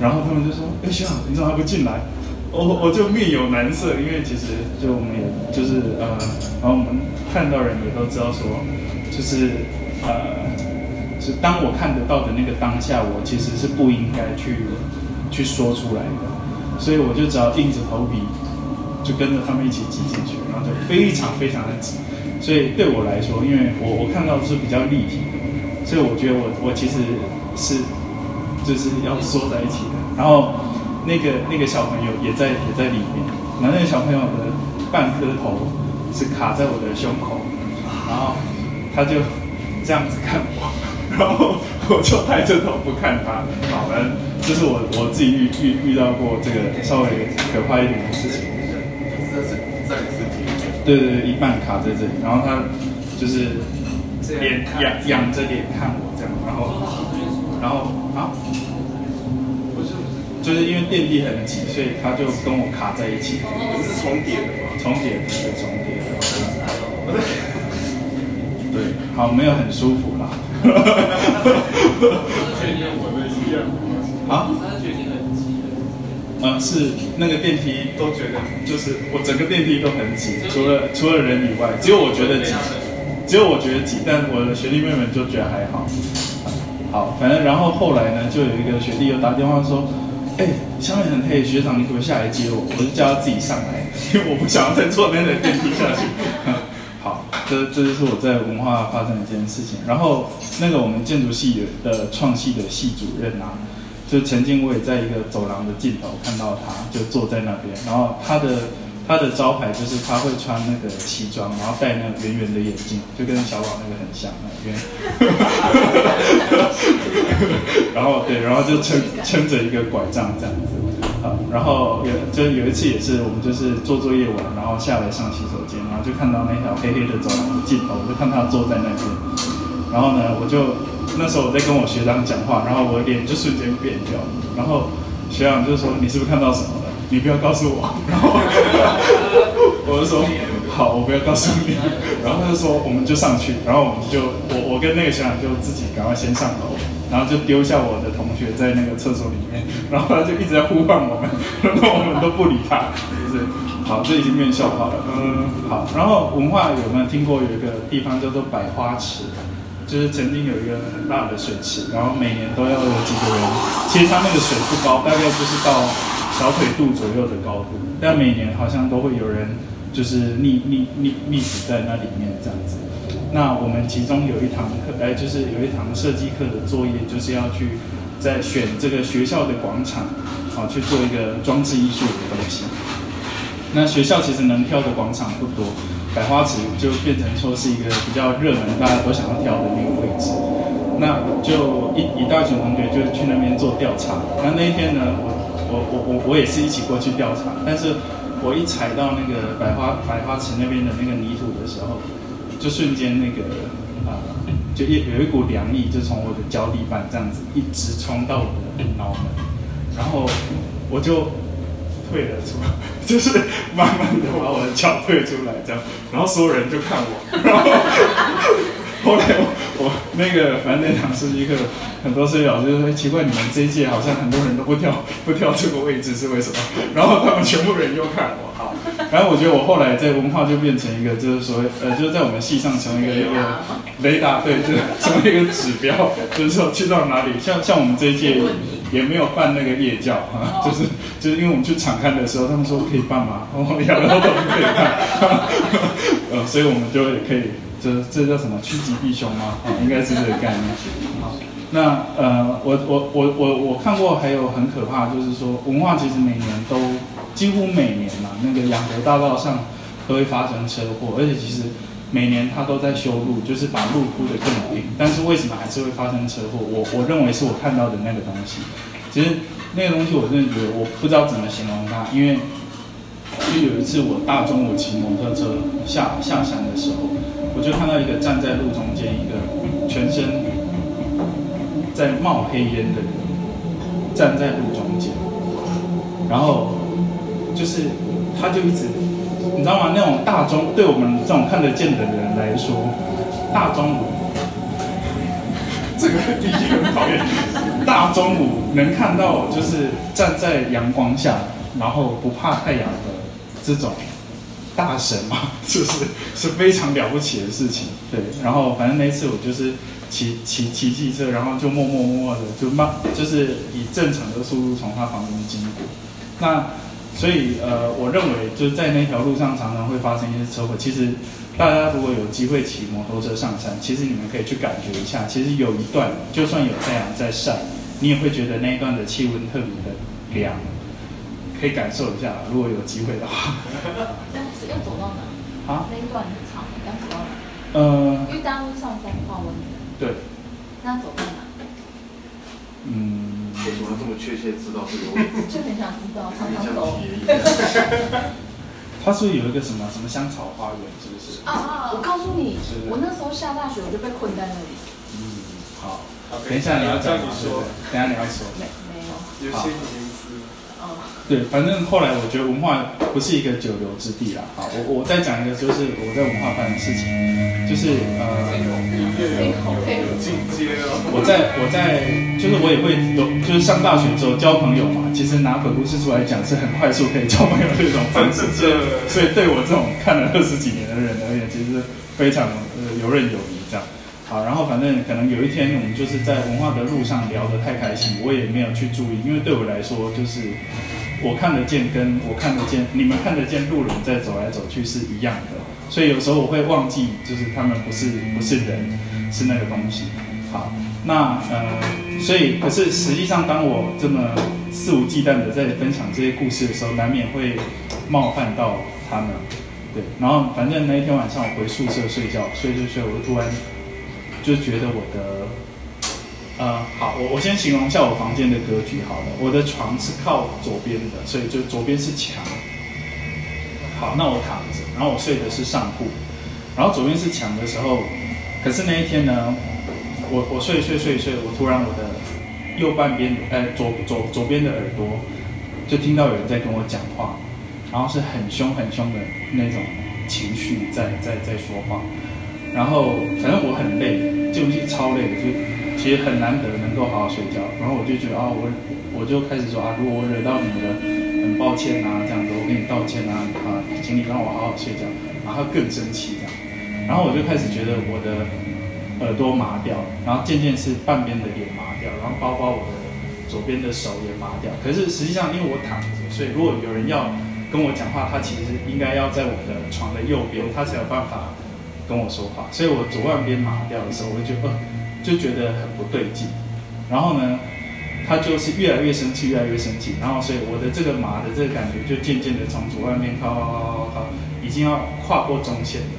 然後他們就說，哎呀，學長你怎麼還不進來？我我就面有難色，因為其實就我們也就是呃，然後我們看到人也都知道說，就是呃，是當我看得到的那個當下，我其實是不應該去去說出來的，所以我就只要硬着頭皮，就跟着他們一起擠進去，然後就非常非常的擠，所以對我來說，因為我我看到的是比較立體的，所以我覺得我我其實是就是要縮在一起的，然後。那個那個小朋友也在也在裡面，然後那個小朋友的半顆頭是卡在我的胸口，然後他就這樣子看我，然後我就抬着頭不看他，好反正就是我我自己遇遇遇到過這個稍微可怕一點的事情，就是在對對對，一半卡在這裡，然後他就是臉仰仰着臉看我這樣，然後然後啊。就是因為電梯很擠，所以他就跟我卡在一起，哦、是重疊的，重疊的重疊。不對，對，好，沒有很舒服啦。是 (laughs) 啊，啊？是那個電梯都覺得，就是我整個電梯都很擠，除了除了人以外，只有我覺得擠，只有我覺得擠，但我的學弟妹們就覺得還好。好，反正然後後來呢，就有一個學弟又打電話說。哎，下面很黑，學長，你可不可以下來接我？我就叫他自己上來，因為我不想要再坐那台電梯下去。好，這這就是我在文化發生的一件事情。然後那個我們建築系的、的創系的系主任啊，就曾經我也在一個走廊的盡頭看到他，就坐在那邊。然後他的。他的招牌就是他會穿那個西裝，然後戴那圓圓的眼鏡，就跟小寶那個很像 (laughs) (laughs) (laughs) 然後對，然後就撐撐着一個拐杖這樣子。然後有就有一次也是我們就是做作業完，然後下來上洗手間，然後就看到那條黑黑的走廊的盡頭，我就看他坐在那邊。然後呢，我就那時候我在跟我學長講話，然後我臉就瞬間變掉。然後學長就說：“你是不是看到什麼了？你不要告訴我。”然後。 (laughs) 我就說好，我不要告訴你。然後他就說，我們就上去。然後我們就，我我跟那個學長就自己趕快先上樓，然後就丟下我的同學在那個廁所裡面。然後他就一直在呼喚我們，然後我們都不理他。就是好，這已經變笑話了。嗯，好。然後文化有沒有聽過？有一個地方叫做百花池，就是曾經有一個很大的水池，然後每年都要有幾個人。其實它那個水不高，大概就是到，小腿肚左右的高度，但每年好像都會有人就是溺溺溺溺死，在那裡面這樣子。那我們其中有一堂課，哎，就是有一堂設計課的作業，就是要去在選這個學校的廣場，好、啊、去做一個裝置藝術的東西。那學校其實能挑的廣場不多，百花池就變成說是一個比較熱門，大家都想要挑的那個位置。那就一一大群同學就去那邊做調查。那那一天呢？我。我我我我也是一起過去調查，但是我一踩到那個百花百花池那邊的那個泥土的時候，就瞬間那個，呃，就一有一股涼意就從我的腳底板這樣子一直衝到我的腦門，然後我就退了出來，就是慢慢的把我的腳退出來這樣，然後所有人就看我。然後。 (laughs) 後來我我那個反正那場設計課，很多設計老師說、哎、奇怪，你們這一屆好像很多人都不跳不跳，這個位置是為什麼？然後他們全部人又看我、啊，然後我覺得我後來在文化就變成一個就是所謂呃就是在我們系上成為一個一個雷達，對，就成為一個指標，就是說去到哪裡，像像我們這一屆也沒有辦那個夜教啊，就是就是因為我們去場勘的時候，他們說我可以辦嘛，哦、啊，然、啊、後都不可以辦，呃、啊啊，所以我們就也可以。這這叫什麼趨吉避凶嗎、嗯？應該是這個概念。好，那呃，我我我我我看過，還有很可怕，就是說文化其實每年都幾乎每年嘛，那個仰國大道上都會發生車禍，而且其實每年他都在修路，就是把路鋪得更平，哎，但是為什麼還是會發生車禍？我我認為是我看到的那個東西，其實那個東西我真的覺得我不知道怎麼形容它，因為就有一次我大中午騎摩托車下下山的時候。我就看到一個站在路中間，一個全身在冒黑煙的人站在路中間，然後就是他就一直，你知道嗎？那種大中對我們這種看得見的人來說，大中午這個第一個很討厭。大中午能看到就是站在陽光下，然後不怕太陽的這種。大神嘛，就是是非常了不起的事情。對，然後反正那次我就是騎騎騎機車，然後就默默默默的，就慢，就是以正常的速度從他旁邊經過。那所以呃，我認為就是在那條路上常常會發生一些車禍。其實大家如果有機會騎摩托車上山，其實你們可以去感覺一下。其實有一段就算有太陽在曬，你也會覺得那段的氣溫特別的涼，可以感受一下。如果有機會的話。要走到哪？啊？那一段很長，要走到哪？嗯。因為大路上是花紋的。對。那走到哪？嗯，我怎麼這麼確切知道這個問題？就很想知道，像體走。他是有一個什麼什麼香草花園，是不是？啊啊！我告訴你，我那時候下大雪，我就被困在那裡。嗯，好。等一下你要講，你說。等下你要說。沒，沒有。有些你的對，反正後來我覺得文化不是一個久留之地啦。好，我我再講一個，就是我在文化班的事情，就是呃，我在有我在，我在、嗯、就是我也會有就是上大學之後交朋友嘛，其實拿本故事書來講是很快速可以交朋友這種方式，所以對我這種看了二十幾年的人而言，其實非常呃遊刃有餘這樣。好，然後反正可能有一天我們就是在文化的路上聊得太開心，我也沒有去注意，因為，對我來說就是。我看得見，跟我看得見，你們看得見路人在走來走去是一樣的，所以有時候我會忘記，就是他們不是不是人，是那個東西。好，那呃，所以可是實際上，當我這麼肆無忌憚的在分享這些故事的時候，難免會冒犯到他們。對，然後反正那一天晚上我回宿舍睡覺，睡着睡着，我就突然就覺得我的。呃、嗯、好，我我先形容一下我房間的格局，好了，我的床是靠左邊的，所以就左邊是牆。好，那我躺着，然後我睡的是上鋪，然後左邊是牆的時候，可是那一天呢，我我睡睡睡睡，我突然我的右半邊，呃、左左左邊的耳朵就聽到有人在跟我講話，然後是很凶很凶的那種情緒在在在說話，然後反正我很累，就是超累，就。其實很難得能夠好好睡覺，然後我就覺得啊，我我就開始說啊，如果我惹到你了，很抱歉吶，啊，這樣子，我跟你道歉吶，啊，請你讓我好好睡覺。然後更生氣這樣，然後我就開始覺得我的耳朵麻掉，然後漸漸是半邊的臉麻掉，然後包括我的左邊的手也麻掉。可是實際上因為我躺着，所以如果有人要跟我講話，他其實應該要在我的床的右邊，他才有辦法跟我說話。所以我左半邊麻掉的時候，我就覺得就覺得很不對勁，然後呢，他就是越來越生氣，越來越生氣，然後所以我的這個麻的這個感覺就漸漸的從左外面靠靠靠靠靠，已經要跨過中線了，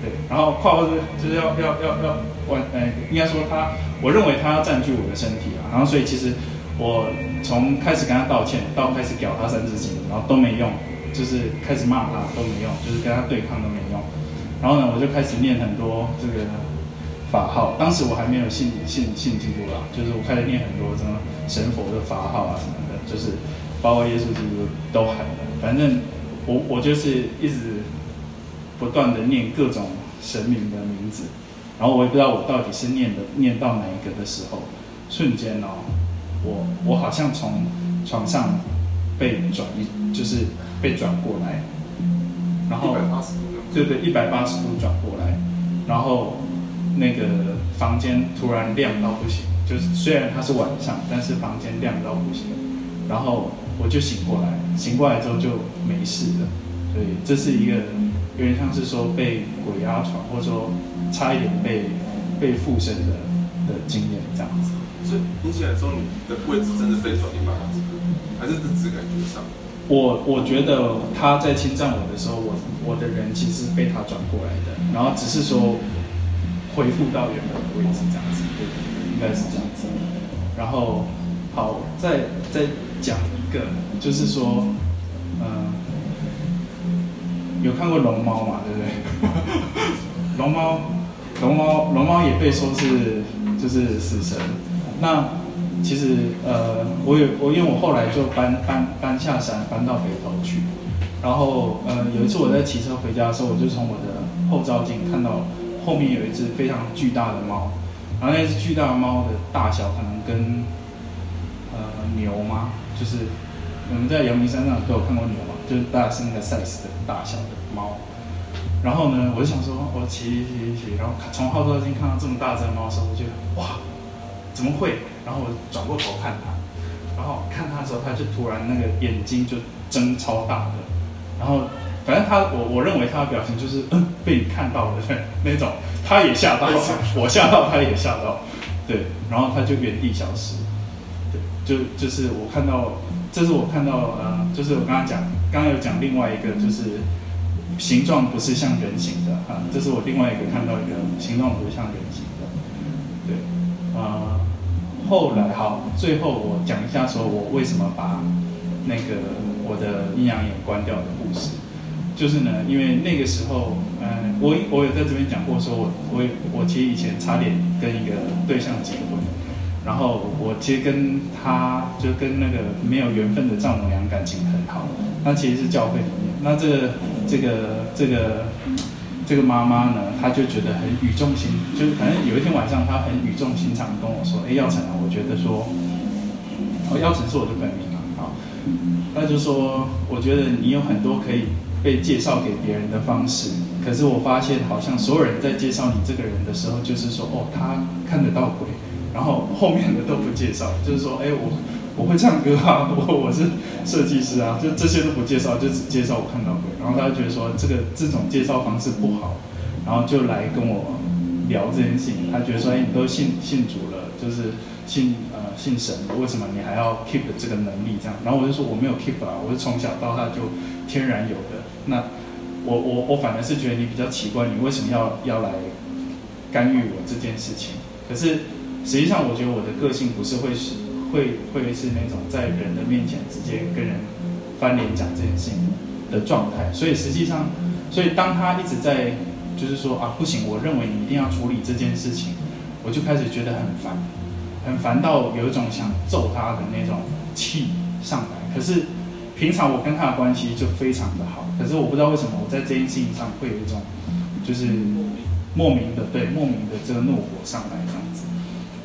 對，然後跨過就是要要要要完，呃，應該說他，我認為他要佔據我的身體啊，然後所以其實我從開始跟他道歉，到開始屌他三字經，然後都沒用，就是開始罵他都沒用，就是跟他對抗都沒用，然後呢，我就開始念很多這個。法號，當時我還沒有信信信基督教，就是我開始念很多什麼神佛的法號啊什麼的，就是包括耶穌基督都喊了，反正我我就是一直不斷的念各種神明的名字，然後我也不知道我到底是念的念到哪一個的時候，瞬間哦，我我好像從床上被轉，就是被轉過來，然後一百八十度，對對，一百八十度轉過來，然後。那個房間突然亮到不行，就是雖然它是晚上，但是房間亮到不行。然後我就醒過來，醒過來之後就沒事了。所以這是一個有點像是說被鬼壓、啊、床，或者說差一點被被附身的的經驗這樣子。所以聽起來說你的位置真的被轉移嗎？八十還是自己感覺上？我我覺得他在侵佔我的時候，我我的人其實是被他轉過來的，然後只是說、嗯。恢復到原本的位置，這樣子，對對對，應該是這樣子。然後，好，再再講一個，就是說，嗯，有看過龍貓嘛，對不對？龍貓， (laughs) 龍貓，龍貓也被說是就是死神。那其實，呃，我有我，因為我後來就搬搬搬下山，搬到北投去。然後，呃，有一次我在騎車回家的時候，我就從我的後照鏡看到。後面有一隻非常巨大的貓，然後那隻巨大的貓的大小可能跟呃牛嗎？就是我們在陽明山上都有看過牛嘛，就是大概是那個 size 的大小的貓。然後呢，我就想說，我騎騎騎，然後從後座鏡看到這麼大隻的貓的時候，我就覺得哇，怎麼會？然後我轉過頭看它，然後看它的時候，它就突然那個眼睛就睜超大的，然後。反正他，我我認為他的表情就是嗯，被你看到的那種，他也嚇到，我嚇到，他也嚇到，對，然後他就原地消失，對，就就是我看到，這是我看到，呃，就是我剛剛講，剛剛有講另外一個就是形狀不是像人形的，啊、呃，這是我另外一個看到一個形狀不是像人形的，對，啊、呃，後來好，最後我講一下，說我為什麼把那個我的陰陽眼關掉的故事。就是呢，因為那個時候，嗯、呃，我我有在這邊講過說，說我我我其實以前差點跟一個對象結婚，然後我其實跟他就跟那個沒有緣分的丈母娘感情很好，那其實是教會裡面，那這個這個這個這個媽媽呢，她就覺得很語重心，就是反正有一天晚上，她很語重心長的跟我說，哎，耀成啊，我覺得說，耀成是我的本名。啊，好，那就說，我覺得你有很多可以。被介紹給別人的方式，可是我發現好像所有人在介紹你這個人的時候，就是說哦，他看得到鬼，然後後面的都不介紹，就是說哎，我我會唱歌啊，我我是設計師啊，就這些都不介紹，就只介紹我看到鬼。然後他就覺得說，這個這種介紹方式不好，然後就來跟我聊這件事情。他覺得說，哎，你都信信主了，就是信呃信神了，為什麼你還要 keep 這個能力這樣？然後我就說我沒有 keep 啊，我是從小到大就天然有的。那我我我反而是覺得你比較奇怪，你為什麼要要來干預我這件事情？可是實際上，我覺得我的個性不是會是會會是那種在人的面前直接跟人翻臉講這件事情的狀態。所以實際上，所以當他一直在就是說啊，不行，我認為你一定要處理這件事情，我就開始覺得很煩，很煩到有一種想揍他的那種氣上來。可是。平常我跟他的關係就非常的好，可是我不知道為什麼我在這件事情上會有一種，就是莫名的對莫名的這個怒火上來這樣子，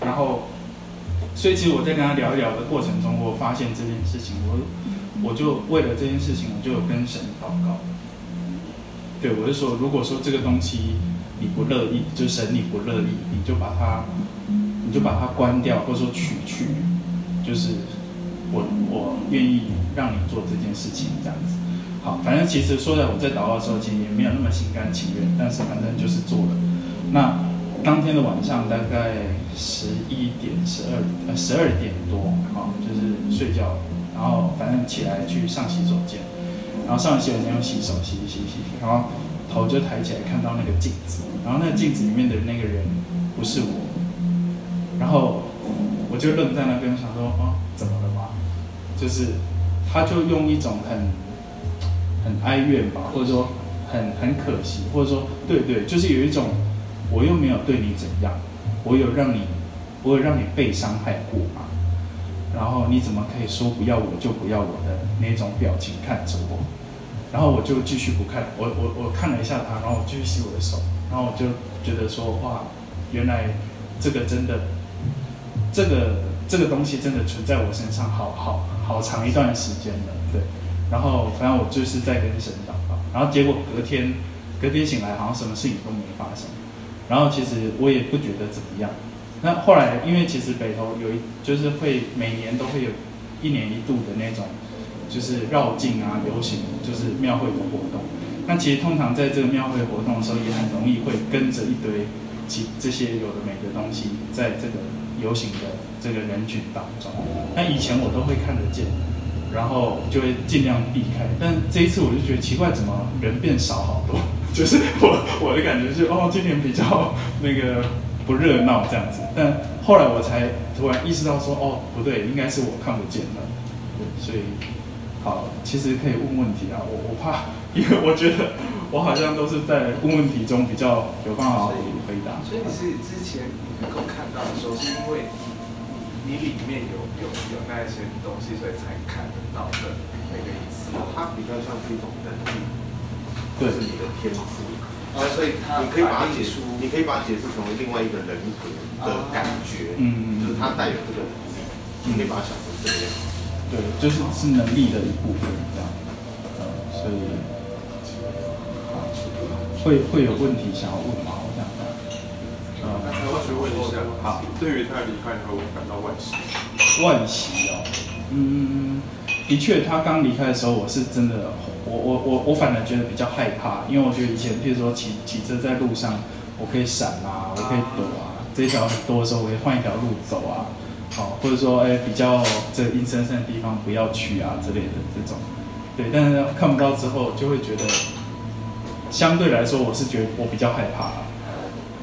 然後，所以其實我在跟他聊一聊的過程中，我發現這件事情，我我就為了這件事情，我就跟神禱告，對我就說，如果說這個東西你不樂意，就神你不樂意，你就把它，你就把它關掉，或者說取去，就是。我我願意讓你做這件事情，這樣子。好，反正其實說的我在禱告的時候，其實也沒有那麼心甘情願，但是反正就是做了。那當天的晚上大概十一點、十二呃十二點多，好，就是睡覺。然後反正起來去上洗手間，然後上洗手間用洗手洗洗洗洗，然後頭就抬起來看到那個鏡子，然後那個鏡子裡面的那個人不是我，然後我就愣在那邊想說哦。就是，他就用一種很很哀怨吧，或者說很很可惜，或者說對對，就是有一種我又沒有對你怎樣，我有讓你我有讓你被傷害過嘛，然後你怎麼可以說不要我就不要我的那種表情看着我，然後我就繼續不看，我我我看了一下他，然後我繼續洗我的手，然後我就覺得說哇，原來這個真的，這個這個東西真的存在我身上，好好。好長一段時間了，對，然後反正我就是在跟神禱告，然後結果隔天，隔天醒來好像什麼事情都沒發生，然後其實我也不覺得怎麼樣。那後來因為其實北投有一，就是會每年都會有，一年一度的那種就是繞境啊、遊行就是廟會的活動。那其實通常在這個廟會活動的時候，也很容易會跟着一堆其這些有的沒的東西在這個。遊行的這個人群當中，那以前我都會看得見，然後就會盡量避開。但這一次我就覺得奇怪，怎麼人變少好多？就是我我的感覺是，哦，今年比較那個不熱鬧這樣子。但後來我才突然意識到說，哦，不對，應該是我看不見了。所以，好，其實可以問問題啊，我我怕。因為 (laughs) 我覺得我好像都是在問問題中比較有辦法回答。所以你是之前你能夠看到的時候，是因為你你裡面有有有那一些東西，所以才看得到的那個意思。它比較像是一種能力，對，是你的天賦對、啊。所以你可以把它解釋，啊、你可以把它解釋成為另外一個人格的感覺，嗯嗯，就是它帶有這個能力，你可以把它想成這樣。對，就是是能力的一部分這樣，呃、所以。會會有問題想要問嗎？我想、嗯嗯嗯、問一下。好，對於他離開以後，我感到惋惜。惋惜哦。嗯，的確，他剛離開的時候，我是真的，我我我我，我我反而覺得比較害怕，因為我覺得以前，譬如說騎騎車在路上，我可以閃啊，我可以躲啊，啊這條很多的時候，我可以換一條路走啊，好，或者說，哎、欸，比較這陰森森的地方不要去啊之類的這種。對，但是看不到之後，就會覺得。相對來說，我是覺得我比較害怕。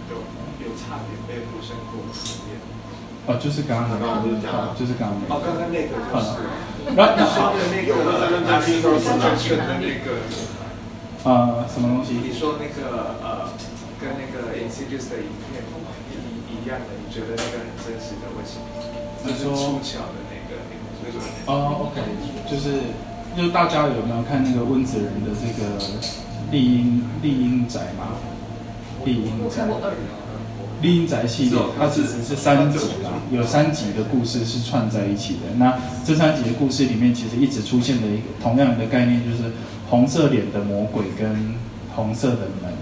有有差點被陌生狗哦，就是剛剛，剛剛就是講，就是剛剛。哦，剛剛那個。嗯。然後你說的那個，說正確的那個，呃，什麼東西？你說那個呃，跟那個《Insidious》的影片一樣的，你覺得那個很真實的？為什麼？只是湊巧的那個那個。哦，OK，就是，就是大家有沒有看那個溫子仁的這個？厲陰厲陰宅嘛，厲陰宅,厲陰宅系列，它其實是三集啦，有三集的故事是串在一起的。那這三集的故事裡面，其實一直出現的一個同樣的概念，就是紅色臉的魔鬼跟紅色的門。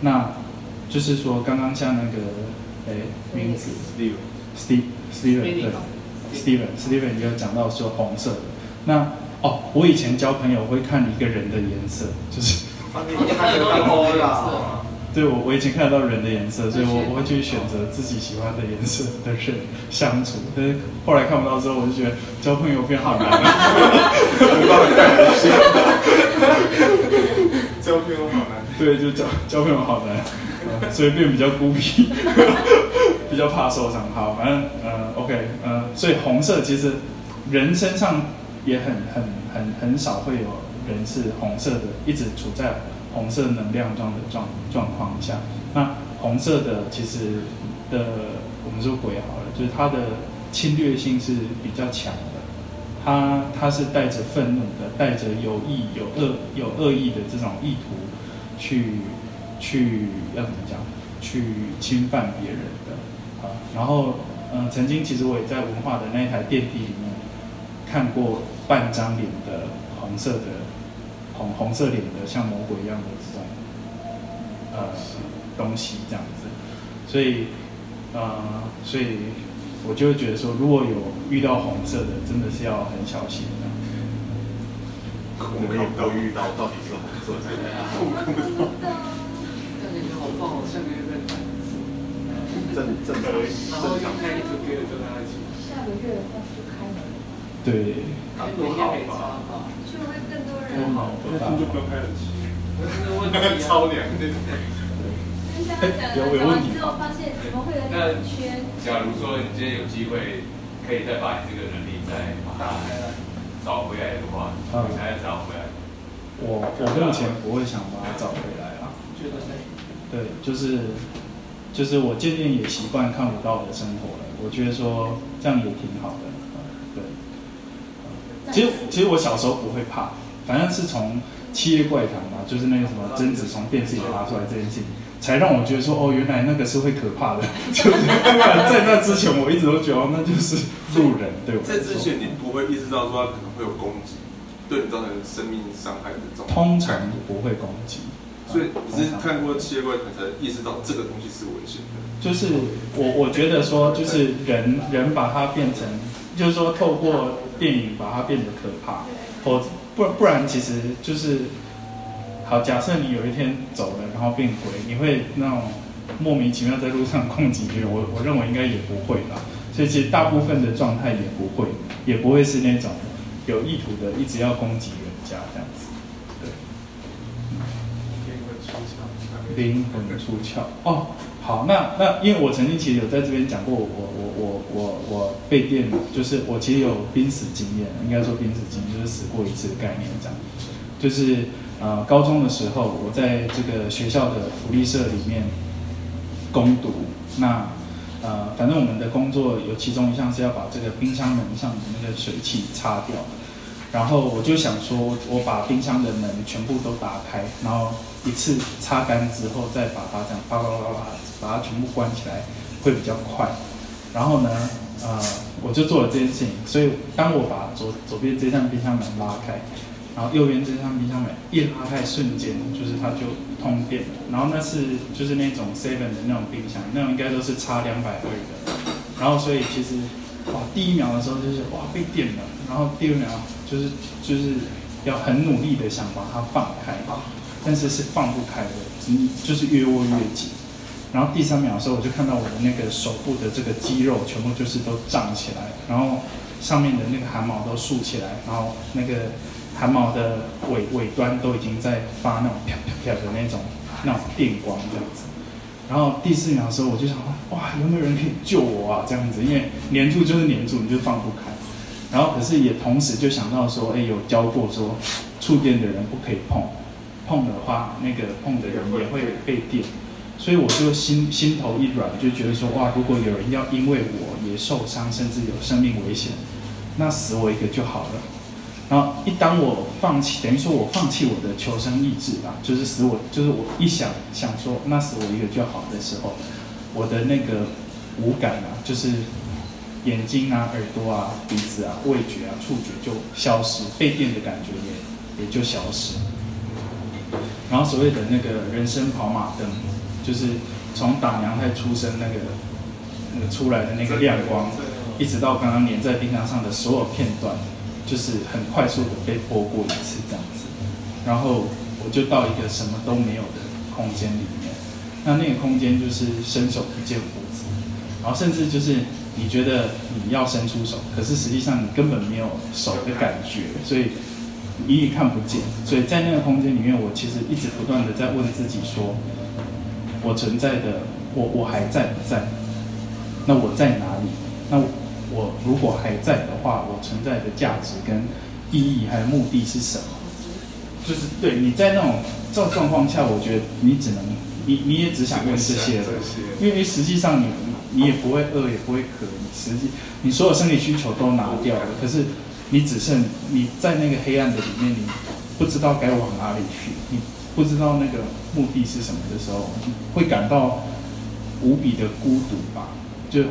那就是說，剛剛像那個誒名字，Steve，Steve，Steven, 對，Steven，Steven 也有講到說紅色的。那哦，我以前交朋友會看一個人的顏色，就是。啊你 OK，對，我我已經看得到人的顏色，所以我我會去選擇自己喜歡的顏色的人相處。但是後來看不到之後，我就覺得交朋友變好難了。哈哈哈哈哈，交朋友好難。對，就交交朋友好難，所以變比較孤僻，比較怕受傷。好，反正、呃、okay、呃、所以紅色其實人身上也很很很很少會有。人是紅色的，一直處在紅色能量狀的狀狀況下。那紅色的其實的，我們說鬼好了，就是它的侵略性是比較強的。它它是帶着憤怒的，帶着有意有惡有惡意的這種意圖去，去去要怎麼講？去侵犯別人的啊。然後嗯，曾經其實我也在文化的那一台電梯裡面看過半張臉的紅色的。紅色臉的，像魔鬼一樣的這種，呃，的東西這樣子，所以，呃，所以我就會覺得說，如果有遇到紅色的，真的是要很小心。我們也都遇到，到底是紅色的。哇，大姐你好棒哦！下個月再正正拍，然後要蓋一堆的，跟大家一起。下個月的話。對，都好嘛，就會更多人，他們就不用拍了，超涼對不對？大家講完之後發現怎麼會有點缺？那假如說你今天有機會，可以再把你這個能力再打開來，找回來的話，你再找回來。我我目前不會想把它找回來啦，覺得對，就是就是我漸漸也習慣看不到我的生活了，我覺得說這樣也挺好的。其實其實我小時候不會怕，反正是從《七夜怪談》嘛，就是那個什麼貞子從電視裡拉出來這件事情，才讓我覺得說哦，原來那個是會可怕的。就是、 (laughs) 在那之前我一直都覺得那就是路人這對我。在之前你不會意識到說它可能會有攻擊，對你造成生命傷害的這種。通常不會攻擊，所以你是看過《七夜怪談》才意識到這個東西是危險的。就是我我覺得說，就是人人把它變成，就是說透過。電影把它變得可怕，不然不然其實就是，好假設你有一天走了，然後變鬼，你會那種莫名其妙在路上攻擊人？我我認為應該也不會吧，所以其實大部分的狀態也不會，也不會是那種有意圖的一直要攻擊人家這樣子，對。嗯、靈魂出竅哦。好，那那因為我曾經其實有在這邊講過，我我我我我被電，就是我其實有瀕死經驗，應該說瀕死經驗就是死過一次的概念這樣，就是呃高中的時候，我在這個學校的福利社裡面，工讀，那呃反正我們的工作有其中一項是要把這個冰箱門上的那個水汽擦掉。然後我就想說，我把冰箱的門全部都打開，然後一次擦乾之後，再把它這樣叭叭叭叭，把它全部關起來，會比較快。然後呢，呃，我就做了這件事情。所以當我把左左邊這扇冰箱門拉開，然後右邊這扇冰箱門一拉開，瞬間就是它就通電了。然後那是就是那種 seven 的那種冰箱，那種應該都是插兩百二的。然後所以其實，哇，第一秒的時候就是哇被電了，然後第二秒。就是就是，就是、要很努力的想把它放開，但是是放不開的，你就是越握越緊。然後第三秒的時候，我就看到我的那個手部的這個肌肉全部就是都脹起來，然後上面的那個汗毛都豎起來，然後那個汗毛的尾尾端都已經在發那種啪啪啪的那種那種電光這樣子。然後第四秒的時候，我就想，哇，有沒有人可以救我啊？這樣子，因為黏住就是黏住，你就放不開。然後，可是也同時就想到說，誒有教過說，觸電的人不可以碰，碰的話，那個碰的人也會被電，所以我就心心頭一軟，就覺得說，哇，如果有人要因為我也受傷，甚至有生命危險，那死我一個就好了。然後一當我放棄，等於說我放棄我的求生意志吧，就是死我，就是我一想想說，那死我一個就好的時候，我的那個五感啊，就是。眼睛啊、耳朵啊、鼻子啊、味覺啊、觸覺就消失，被電的感覺也也就消失。然後所謂的那個人生跑馬燈，就是從打娘胎出生那個那個出來的那個亮光，一直到剛剛粘在冰箱上的所有片段，就是很快速的被播過一次這樣子。然後我就到一個什麼都沒有的空間裡面，那那個空間就是伸手不見五指，然後甚至就是。你覺得你要伸出手，可是實際上你根本沒有手的感覺，所以你也看不見。所以在那個空間裡面，我其實一直不斷的在問自己說：我存在的，我我還在不在？那我在哪裡？那我，我如果還在的話，我存在的價值跟意義還有目的是什麼？就是對你在那種這種狀況下，我覺得你只能，你你也只想問這些了，因為實際上你。你也不會餓，也不會渴，你實際你所有生理需求都拿掉了，可是你只剩你在那個黑暗的裡面，你不知道該往哪裡去，你不知道那個目的是什麼的時候，你會感到無比的孤獨吧，就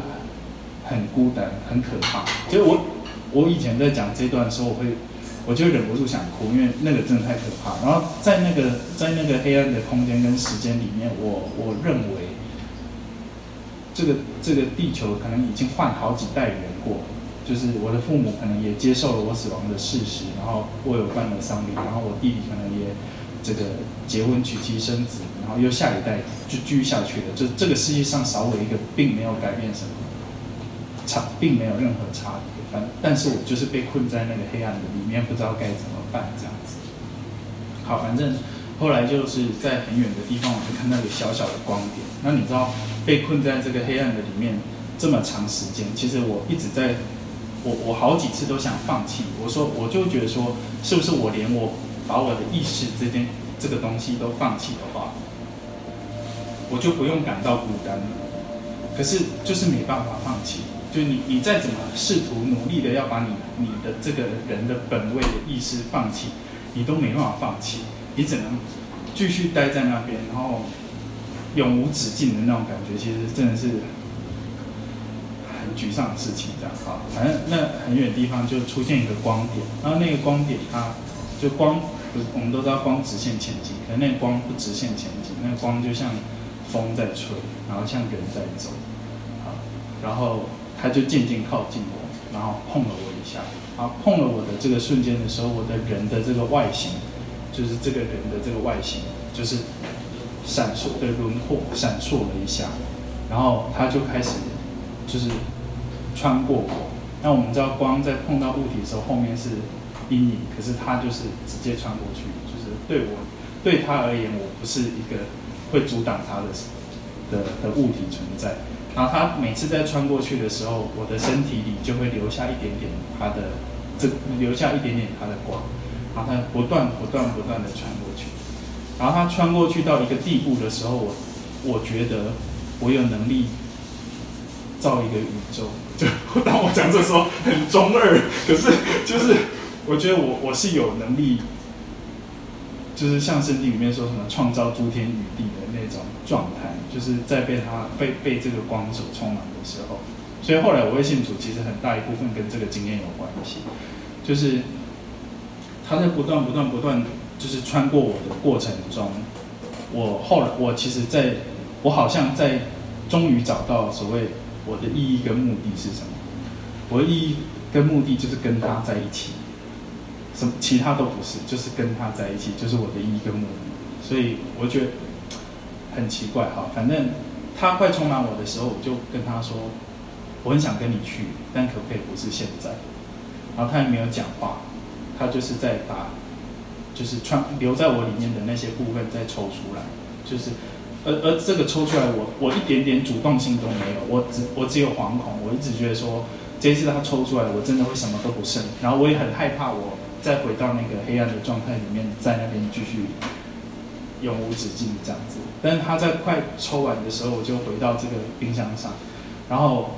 很孤單，很可怕。就我我以前在講這段的時候，我會我就忍不住想哭，因為那個真的太可怕。然後在那個在那個黑暗的空間跟時間裡面，我我認為。這個這個地球可能已經換好幾代人過，就是我的父母可能也接受了我死亡的事實，然後我有辦了喪禮，然後我弟弟可能也這個結婚娶妻生子，然後又下一代就繼續下去了。這這個世界上少我一個，並沒有改變什麼，差並沒有任何差別。反但是我就是被困在那個黑暗的裡面，不知道該怎麼辦這樣子。好，反正後來就是在很遠的地方，我就看到一個小小的光點。那你知道？被困在這個黑暗的裡面這麼長時間，其實我一直在，我我好幾次都想放棄。我說，我就覺得說，是不是我連我把我的意識這件這個東西都放棄的話，我就不用感到孤單了。可是就是沒辦法放棄，就你你再怎麼試圖努力的要把你你的這個人的本位的意識放棄，你都沒辦法放棄，你只能繼續待在那邊，然後。永無止境的那種感覺，其實真的是很沮喪的事情，這樣啊。反正那很遠的地方就出現一個光點，然後那個光點它就光，我們都知道光直線前進，可是那個光不直線前進，那個光就像風在吹，然後像人在走，啊，然後它就漸漸靠近我，然後碰了我一下，啊，碰了我的這個瞬間的時候，我的人的這個外形，就是這個人的這個外形，就是。閃爍的輪廓閃爍了一下，然後它就開始，就是穿過我。那我們知道光在碰到物體的時候，後面是陰影，可是它就是直接穿過去，就是對我，對他而言，我不是一個會阻擋它的的的物體存在。然後它每次在穿過去的時候，我的身體裡就會留下一點點它的這留下一點點它的光，然後它不斷不斷不斷地穿。然後他穿過去到一個地步的時候，我我覺得我有能力造一個宇宙。就當我講這說，很中二，可是就是我覺得我我是有能力，就是像聖經裡面說什麼創造諸天與地的那種狀態，就是在被他被被這個光所充滿的時候。所以後來我信主，其實很大一部分跟這個經驗有關係，就是他在不斷不斷不斷。不斷就是穿過我的過程中，我後來我其實在，在我好像在終於找到所謂我的意義跟目的是什麼，我的意義跟目的就是跟他在一起，什麼其他都不是，就是跟他在一起，就是我的意義跟目的。所以我覺得很奇怪哈，反正他快充滿我的時候，我就跟他說，我很想跟你去，但可不可以不是現在？然後他也沒有講話，他就是在打。就是穿留在我裡面的那些部分再抽出來，就是，而而這個抽出來我，我我一點點主動性都沒有，我只我只有惶恐，我一直覺得說這一次他抽出來，我真的會什麼都不剩，然後我也很害怕，我再回到那個黑暗的狀態裡面，在那邊繼續永無止境這樣子。但是他在快抽完的時候，我就回到這個冰箱上，然後，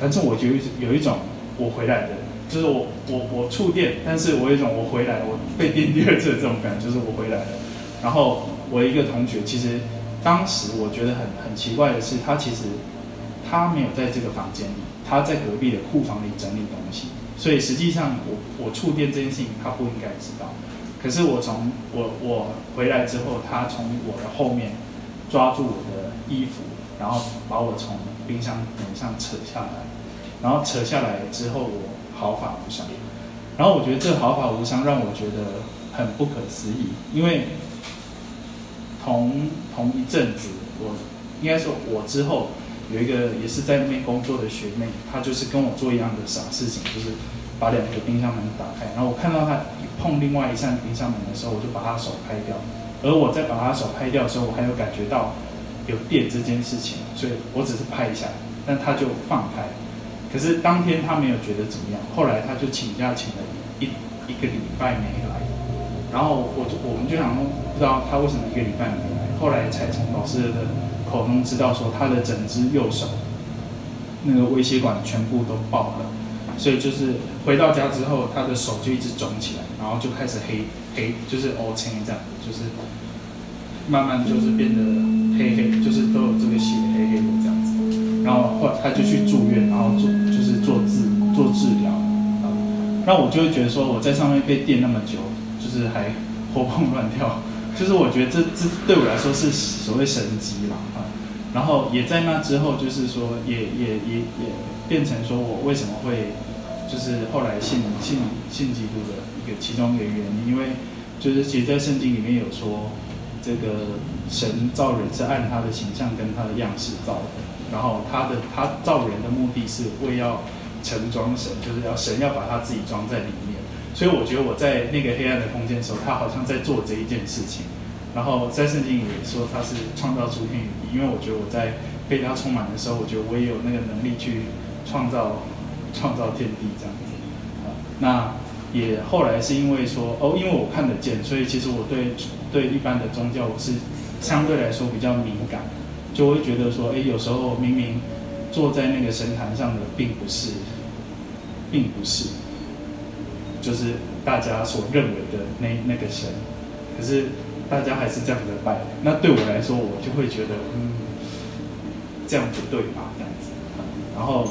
反正我就有一種我回來的。就是我我我觸電，但是我有一種我回來我被電第二次的這種感覺，就是我回來了。然後我一個同學，其實當時我覺得很很奇怪的是，他其實他沒有在這個房間裡，他在隔壁的庫房裡整理東西。所以實際上我我觸電這件事情他不應該知道。可是我從我我回來之後，他從我的後面抓住我的衣服，然後把我從冰箱門上扯下來，然後扯下來之後我。毫髮無傷，然後我覺得這毫髮無傷讓我覺得很不可思議，因為同同一陣子，我應該說，我之後有一個也是在那邊工作的學妹，她就是跟我做一樣的傻事情，就是把兩個冰箱門打開，然後我看到她碰另外一扇冰箱門的時候，我就把她手拍掉，而我在把她手拍掉的時候，我還有感覺到有電這件事情，所以我只是拍一下，但她就放開。可是當天他沒有覺得怎麼樣，後來他就請假請了一一,一個禮拜沒來，然後我就我們就想，不知道他為什麼一個禮拜沒來，後來才從老師的口中知道說他的整隻右手那個微血管全部都爆了，所以就是回到家之後他的手就一直腫起來，然後就開始黑黑，就是烏青這樣，就是慢慢就是變得黑黑，就是都。後他就去住院，然後做就是做治做治療，然後，啊，那我就會覺得說我在上面被電那麼久，就是還活蹦亂跳，就是我覺得這這對我來說是所謂神蹟吧、啊。然後也在那之後，就是說也也也也變成說我為什麼會就是後來信信信基督的一個其中一個原因，因為就是其實，在聖經裡面有說，這個神造人是按他的形象跟他的樣式造的。然後他的他造人的目的是為要盛裝神，就是要神要把他自己裝在裡面。所以我覺得我在那個黑暗的空間的時候，他好像在做這一件事情。然後在聖經也說他是創造出天地，因為我覺得我在被他充滿的時候，我覺得我也有那個能力去創造創造天地這樣子。那也後來是因為說哦，因為我看得見，所以其實我對對一般的宗教我是相對來說比較敏感。就會覺得說，誒，有時候明明坐在那個神壇上的，並不是，並不是，就是大家所認為的那那個神，可是大家還是這樣子拜。那對我來說，我就會覺得，嗯，這樣不對吧？這樣子。嗯、然後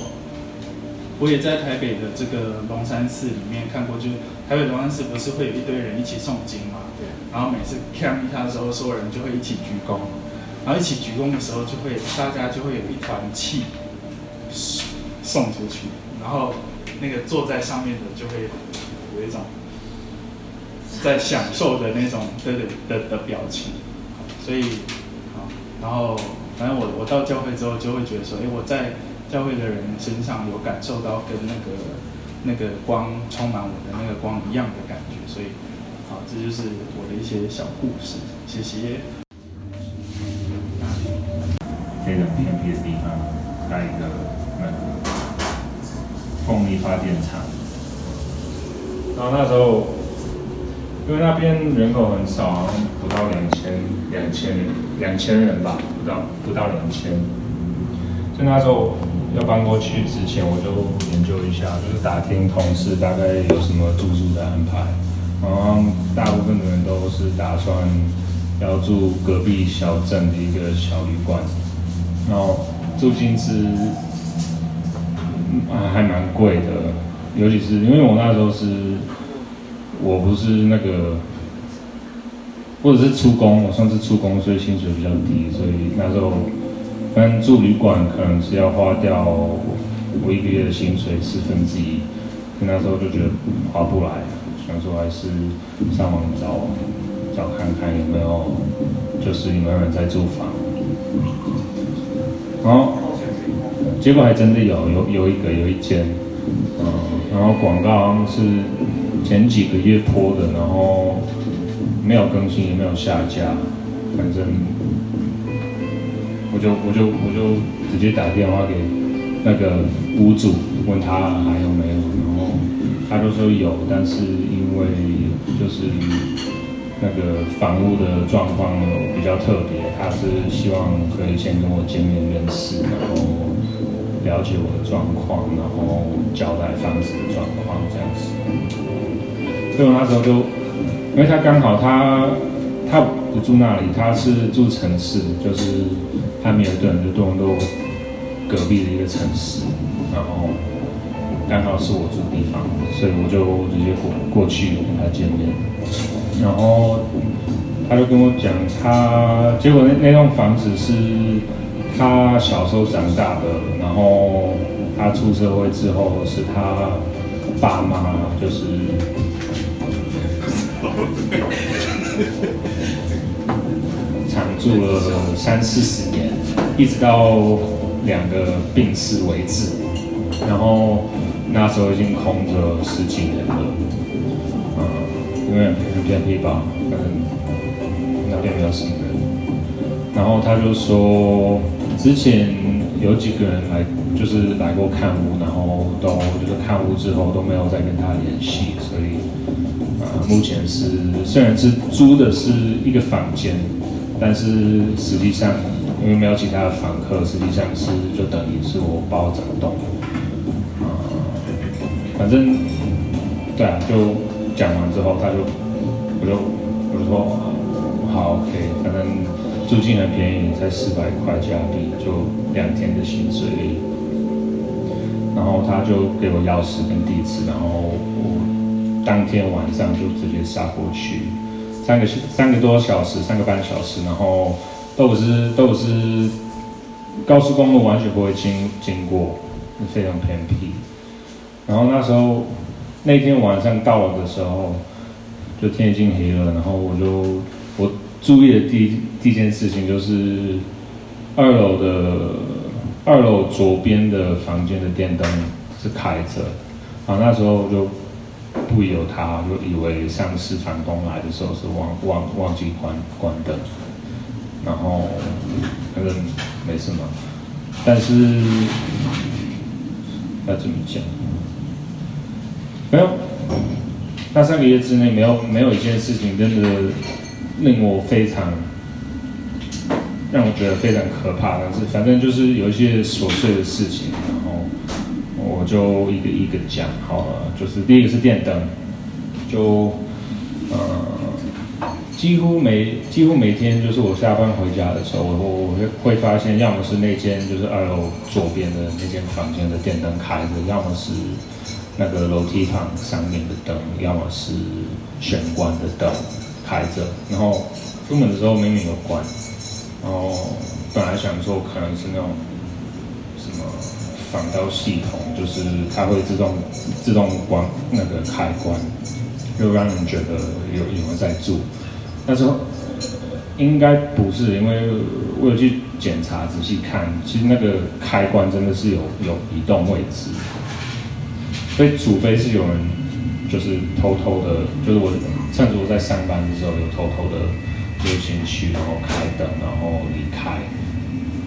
我也在台北的這個龍山寺裡面看過，就是台北龍山寺不是會有一堆人一起誦經嗎？對。然後每次看 a 一下的時候，所有人就會一起鞠躬。然後一起鞠躬的時候，就會大家就會有一團氣送出去，然後那個坐在上面的就會有一種在享受的那種的的的表情。所以，然後反正我我到教會之後，就會覺得說，哎，我在教會的人身上有感受到跟那個那個光充滿我的那個光一樣的感覺。所以，好，這就是我的一些小故事。謝謝。非常偏僻的地方，開一個那個風力發電廠。然後那時候，因為那邊人口很少、啊，好像不到兩千、兩千人、兩千人吧，不到不到兩千。所以那時候要搬過去之前，我就研究一下，就是打聽同事大概有什麼住宿的安排。然後大部分的人都是打算要住隔壁小鎮的一個小旅館。然後租金是還蠻貴的，尤其是因為我那時候是，我不是那個，或者是出工，我上次出工，所以薪水比較低，所以那時候但住旅館可能是要花掉我一個月的薪水四分之一，那時候就覺得划不來，所以說還是上網找找看看有沒有，就是有沒有人在租房，然後結果還真的有，有有一個有一間，嗯、呃，然後廣告好像是前幾個月 PO 的，然後沒有更新也沒有下架，反正我就我就我就直接打電話給那個屋主問他還有沒有，然後他就說有，但是因為就是。那個房屋的狀況呢，比較特別，他是希望可以先跟我見面認識，然後了解我的狀況，然後交代房子的狀況這樣子。所以我那時候就，因為他剛好他他不住那裡，他是住城市，就是漢密爾頓的多倫多隔壁的一個城市，然後剛好是我住的地方，所以我就直接過去跟他見面。然後他就跟我講，他結果那那棟房子是他小時候長大的，然後他出社會之後是他爸媽就是長住了三四十年，一直到兩個病逝為止，然後那時候已經空着十幾年了。因為有偏僻吧，正、嗯嗯、那邊沒有什麼人。然後他就說，之前有幾個人來，就是來過看屋，然後都就是看屋之後都沒有再跟他聯繫，所以，啊、呃，目前是，雖然是租的是一個房間，但是實際上因為沒有其他的房客，實際上是就等於是我包着的。啊、呃，反正、嗯，對啊，就。講完之後，他就我就我就說好 OK，反正租金很便宜，才四百塊加幣，就兩天的薪水。然後他就給我鑰匙跟地址，然後我當天晚上就直接殺過去，三個小三個多小時，三個半小時，然後都不是都不是高速公路，完全不會經經過，非常偏僻。然後那時候。那天晚上到了的時候，就天已經黑了，然後我就我注意的第一第一件事情就是二，二樓的二樓左邊的房間的電燈是開着，啊那時候就不由他就以為上次房東來的時候是忘忘忘記關關燈，然後反正沒什麼，但是要怎麼講？沒有，那三個月之內沒有沒有一件事情真的令我非常讓我覺得非常可怕，但是反正就是有一些瑣碎的事情，然後我就一個一個講好了。就是第一個是電燈，就呃幾乎每幾乎每天就是我下班回家的時候，我我會會發現，要麼是那間就是二樓左邊的那間房間的電燈開着，要麼是。那個樓梯旁上面的燈，要麼是玄關的燈開着，然後出門的時候明明有關，然後本來想說可能是那種什麼防盜系統，就是它會自動自動關那個開關，又讓人覺得有有人在住，那時候應該不是，因為我有去檢查仔細看，其實那個開關真的是有有移動位置。所以，除非是有人就是偷偷的，就是我趁着我在上班的時候，有偷偷的溜進去，然後開燈，然後離開。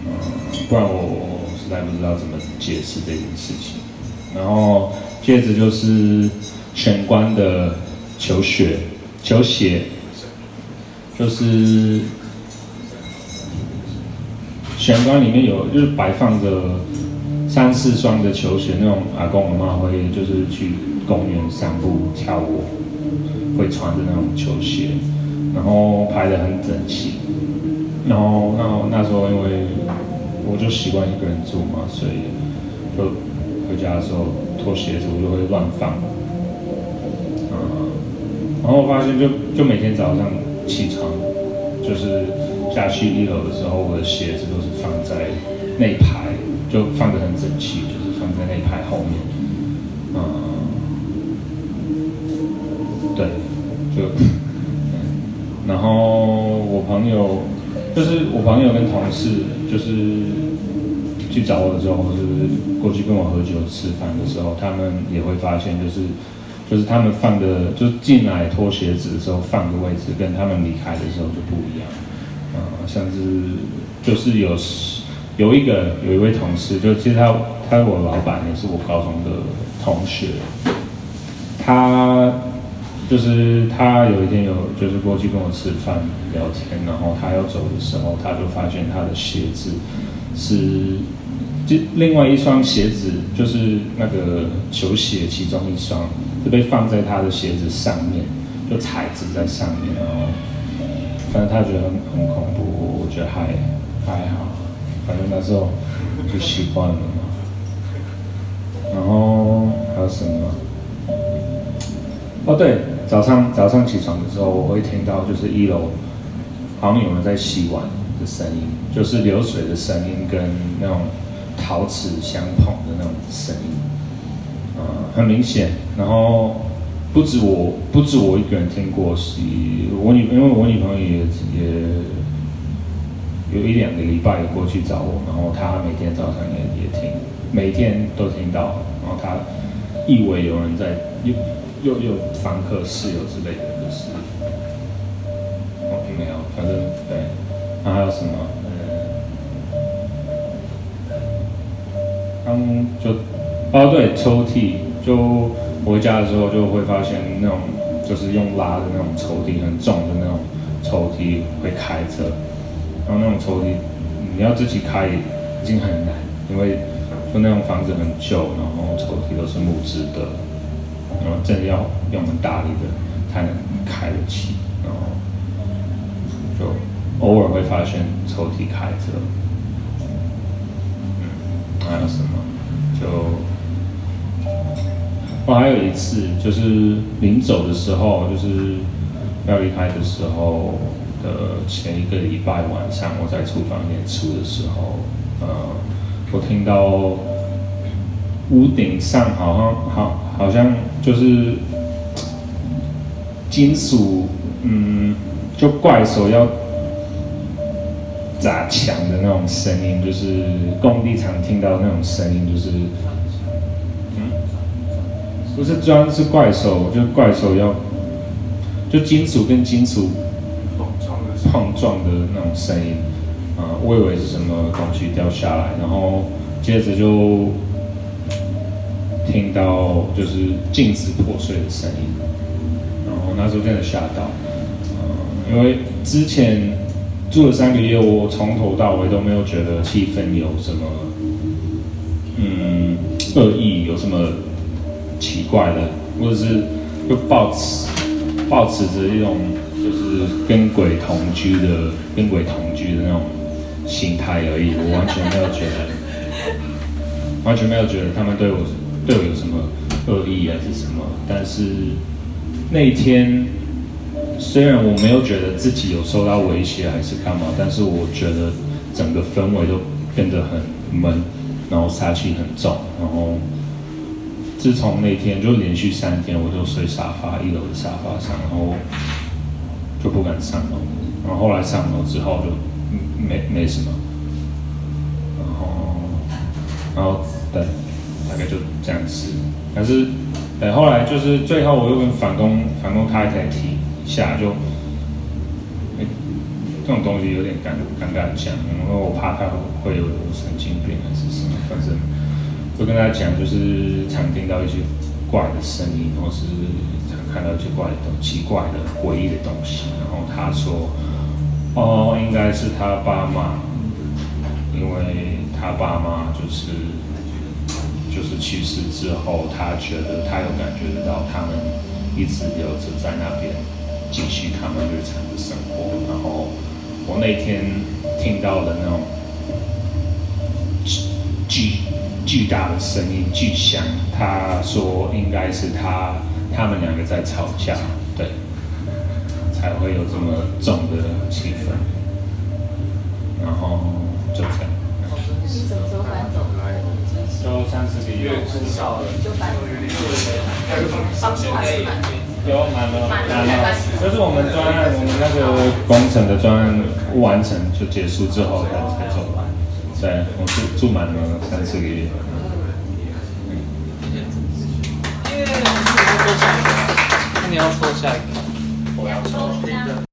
呃、嗯，不然我，我實在不知道怎麼解釋這件事情。然後，接着就是玄關的球鞋球鞋，就是玄關裡面有，就是擺放着。三四雙的球鞋，那種阿公阿媽會就是去公園散步、跳舞，會穿的那種球鞋，然後排得很整齊。然後那那時候因為我就習慣一個人住嘛，所以就回家的時候脫鞋子我就會亂放。嗯，然後我發現就就每天早上起床，就是下去一樓的時候，我的鞋子都是放在那排。就放得很整齊，就是放在那一排後面，嗯，對，就，嗯、然後我朋友，就是我朋友跟同事，就是去找我的時候，或是過去跟我喝酒吃飯的時候，他們也會發現，就是就是他們放的，就進來脫鞋子的時候放的位置，跟他們離開的時候就不一樣，嗯，像是就是有。有一個有一位同事，就其實他他是我老板，也是我高中的同學。他就是他有一天有就是過去跟我吃飯聊天，然後他要走的時候，他就發現他的鞋子是就另外一雙鞋子，就是那個球鞋其中一雙，就被放在他的鞋子上面，就踩在上面，然後，嗯，反正他覺得很很恐怖，我覺得還還好。反正那時候就習慣了嘛，然後還有什麼？哦，對，早上早上起床的時候，我會聽到就是一樓好像有人在洗碗的聲音，就是流水的聲音跟那種陶瓷相碰的那種聲音，呃，很明顯。然後不止我不止我一個人聽過，是，我因，因為我女朋友也。有一兩個禮拜也過去找我，然後他每天早上也也聽，每天都聽到，然後他以為有人在又又又房客室友之類的，就是我、哦、沒有、反、啊、正對，那還有什麼？嗯，剛就哦對，抽屜就回家的時候就會發現那種就是用拉的那種抽屜，很重的那種抽屜會開着。然後那種抽屜，你要自己開已經很難，因為就那種房子很舊，然後抽屜都是木質的，然後真的要用很大力的才能開得起，然後就偶爾會發現抽屜開着。嗯，還有什麼？就我還有一次就是臨走的時候，就是要離開的時候。的前一個禮拜晚上，我在廚房演出的時候，呃，我聽到屋頂上好像好好像就是金屬，嗯，就怪手要砸牆的那種聲音，就是工地上聽到的那種聲音，就是，嗯，不是磚是怪手，就怪手要就金屬跟金屬。碰撞的那種聲音，啊、呃，我以為是什麼東西掉下來，然後接着就聽到就是鏡子破碎的聲音，然後那時候真的嚇到，啊、呃，因為之前住了三個月，我從頭到尾都沒有覺得氣氛有什麼，嗯，惡意有什麼奇怪的，或者是就抱持抱持着一種。就是跟鬼同居的，跟鬼同居的那種心態而已，我完全沒有覺得，完全沒有覺得他們對我對我有什麼惡意還是什麼。但是那一天，雖然我沒有覺得自己有受到威脅還是幹嘛，但是我覺得整個氛圍都變得很悶，然後殺氣很重。然後自從那天，就連續三天，我就睡沙發一樓的沙發上，然後。就不敢上樓，然後後來上樓之後就沒沒什麼然，然後然後大大概就這樣子，但是後來就是最後我又跟房東房東提一下就、欸，這種東西有點尷尬尷尬的，因為、嗯、我怕他會會有什麼神經病還是什麼，反正就跟他講就是常聽到一些怪的聲音，或是。看到奇怪的東、奇怪的、詭異的東西，然後他說：“哦，應該是他爸媽，因為他爸媽就是就是去世之後，他覺得他有感覺得到他們一直留着在那邊，繼續他們日常的生活。”然後我那天聽到了那種巨巨大的聲音、巨響，他說應該是他。他們兩個在吵架，對，才會有這麼重的氣氛，然後就這樣。什麼時候搬走？週三、四、五、六、日就搬了。住滿了嗎？住滿了嗎？就是我們專案，我們那個工程的專案完成就結束之後才才走完。對，住住滿了三四個月。你要說下一個，我要說那個。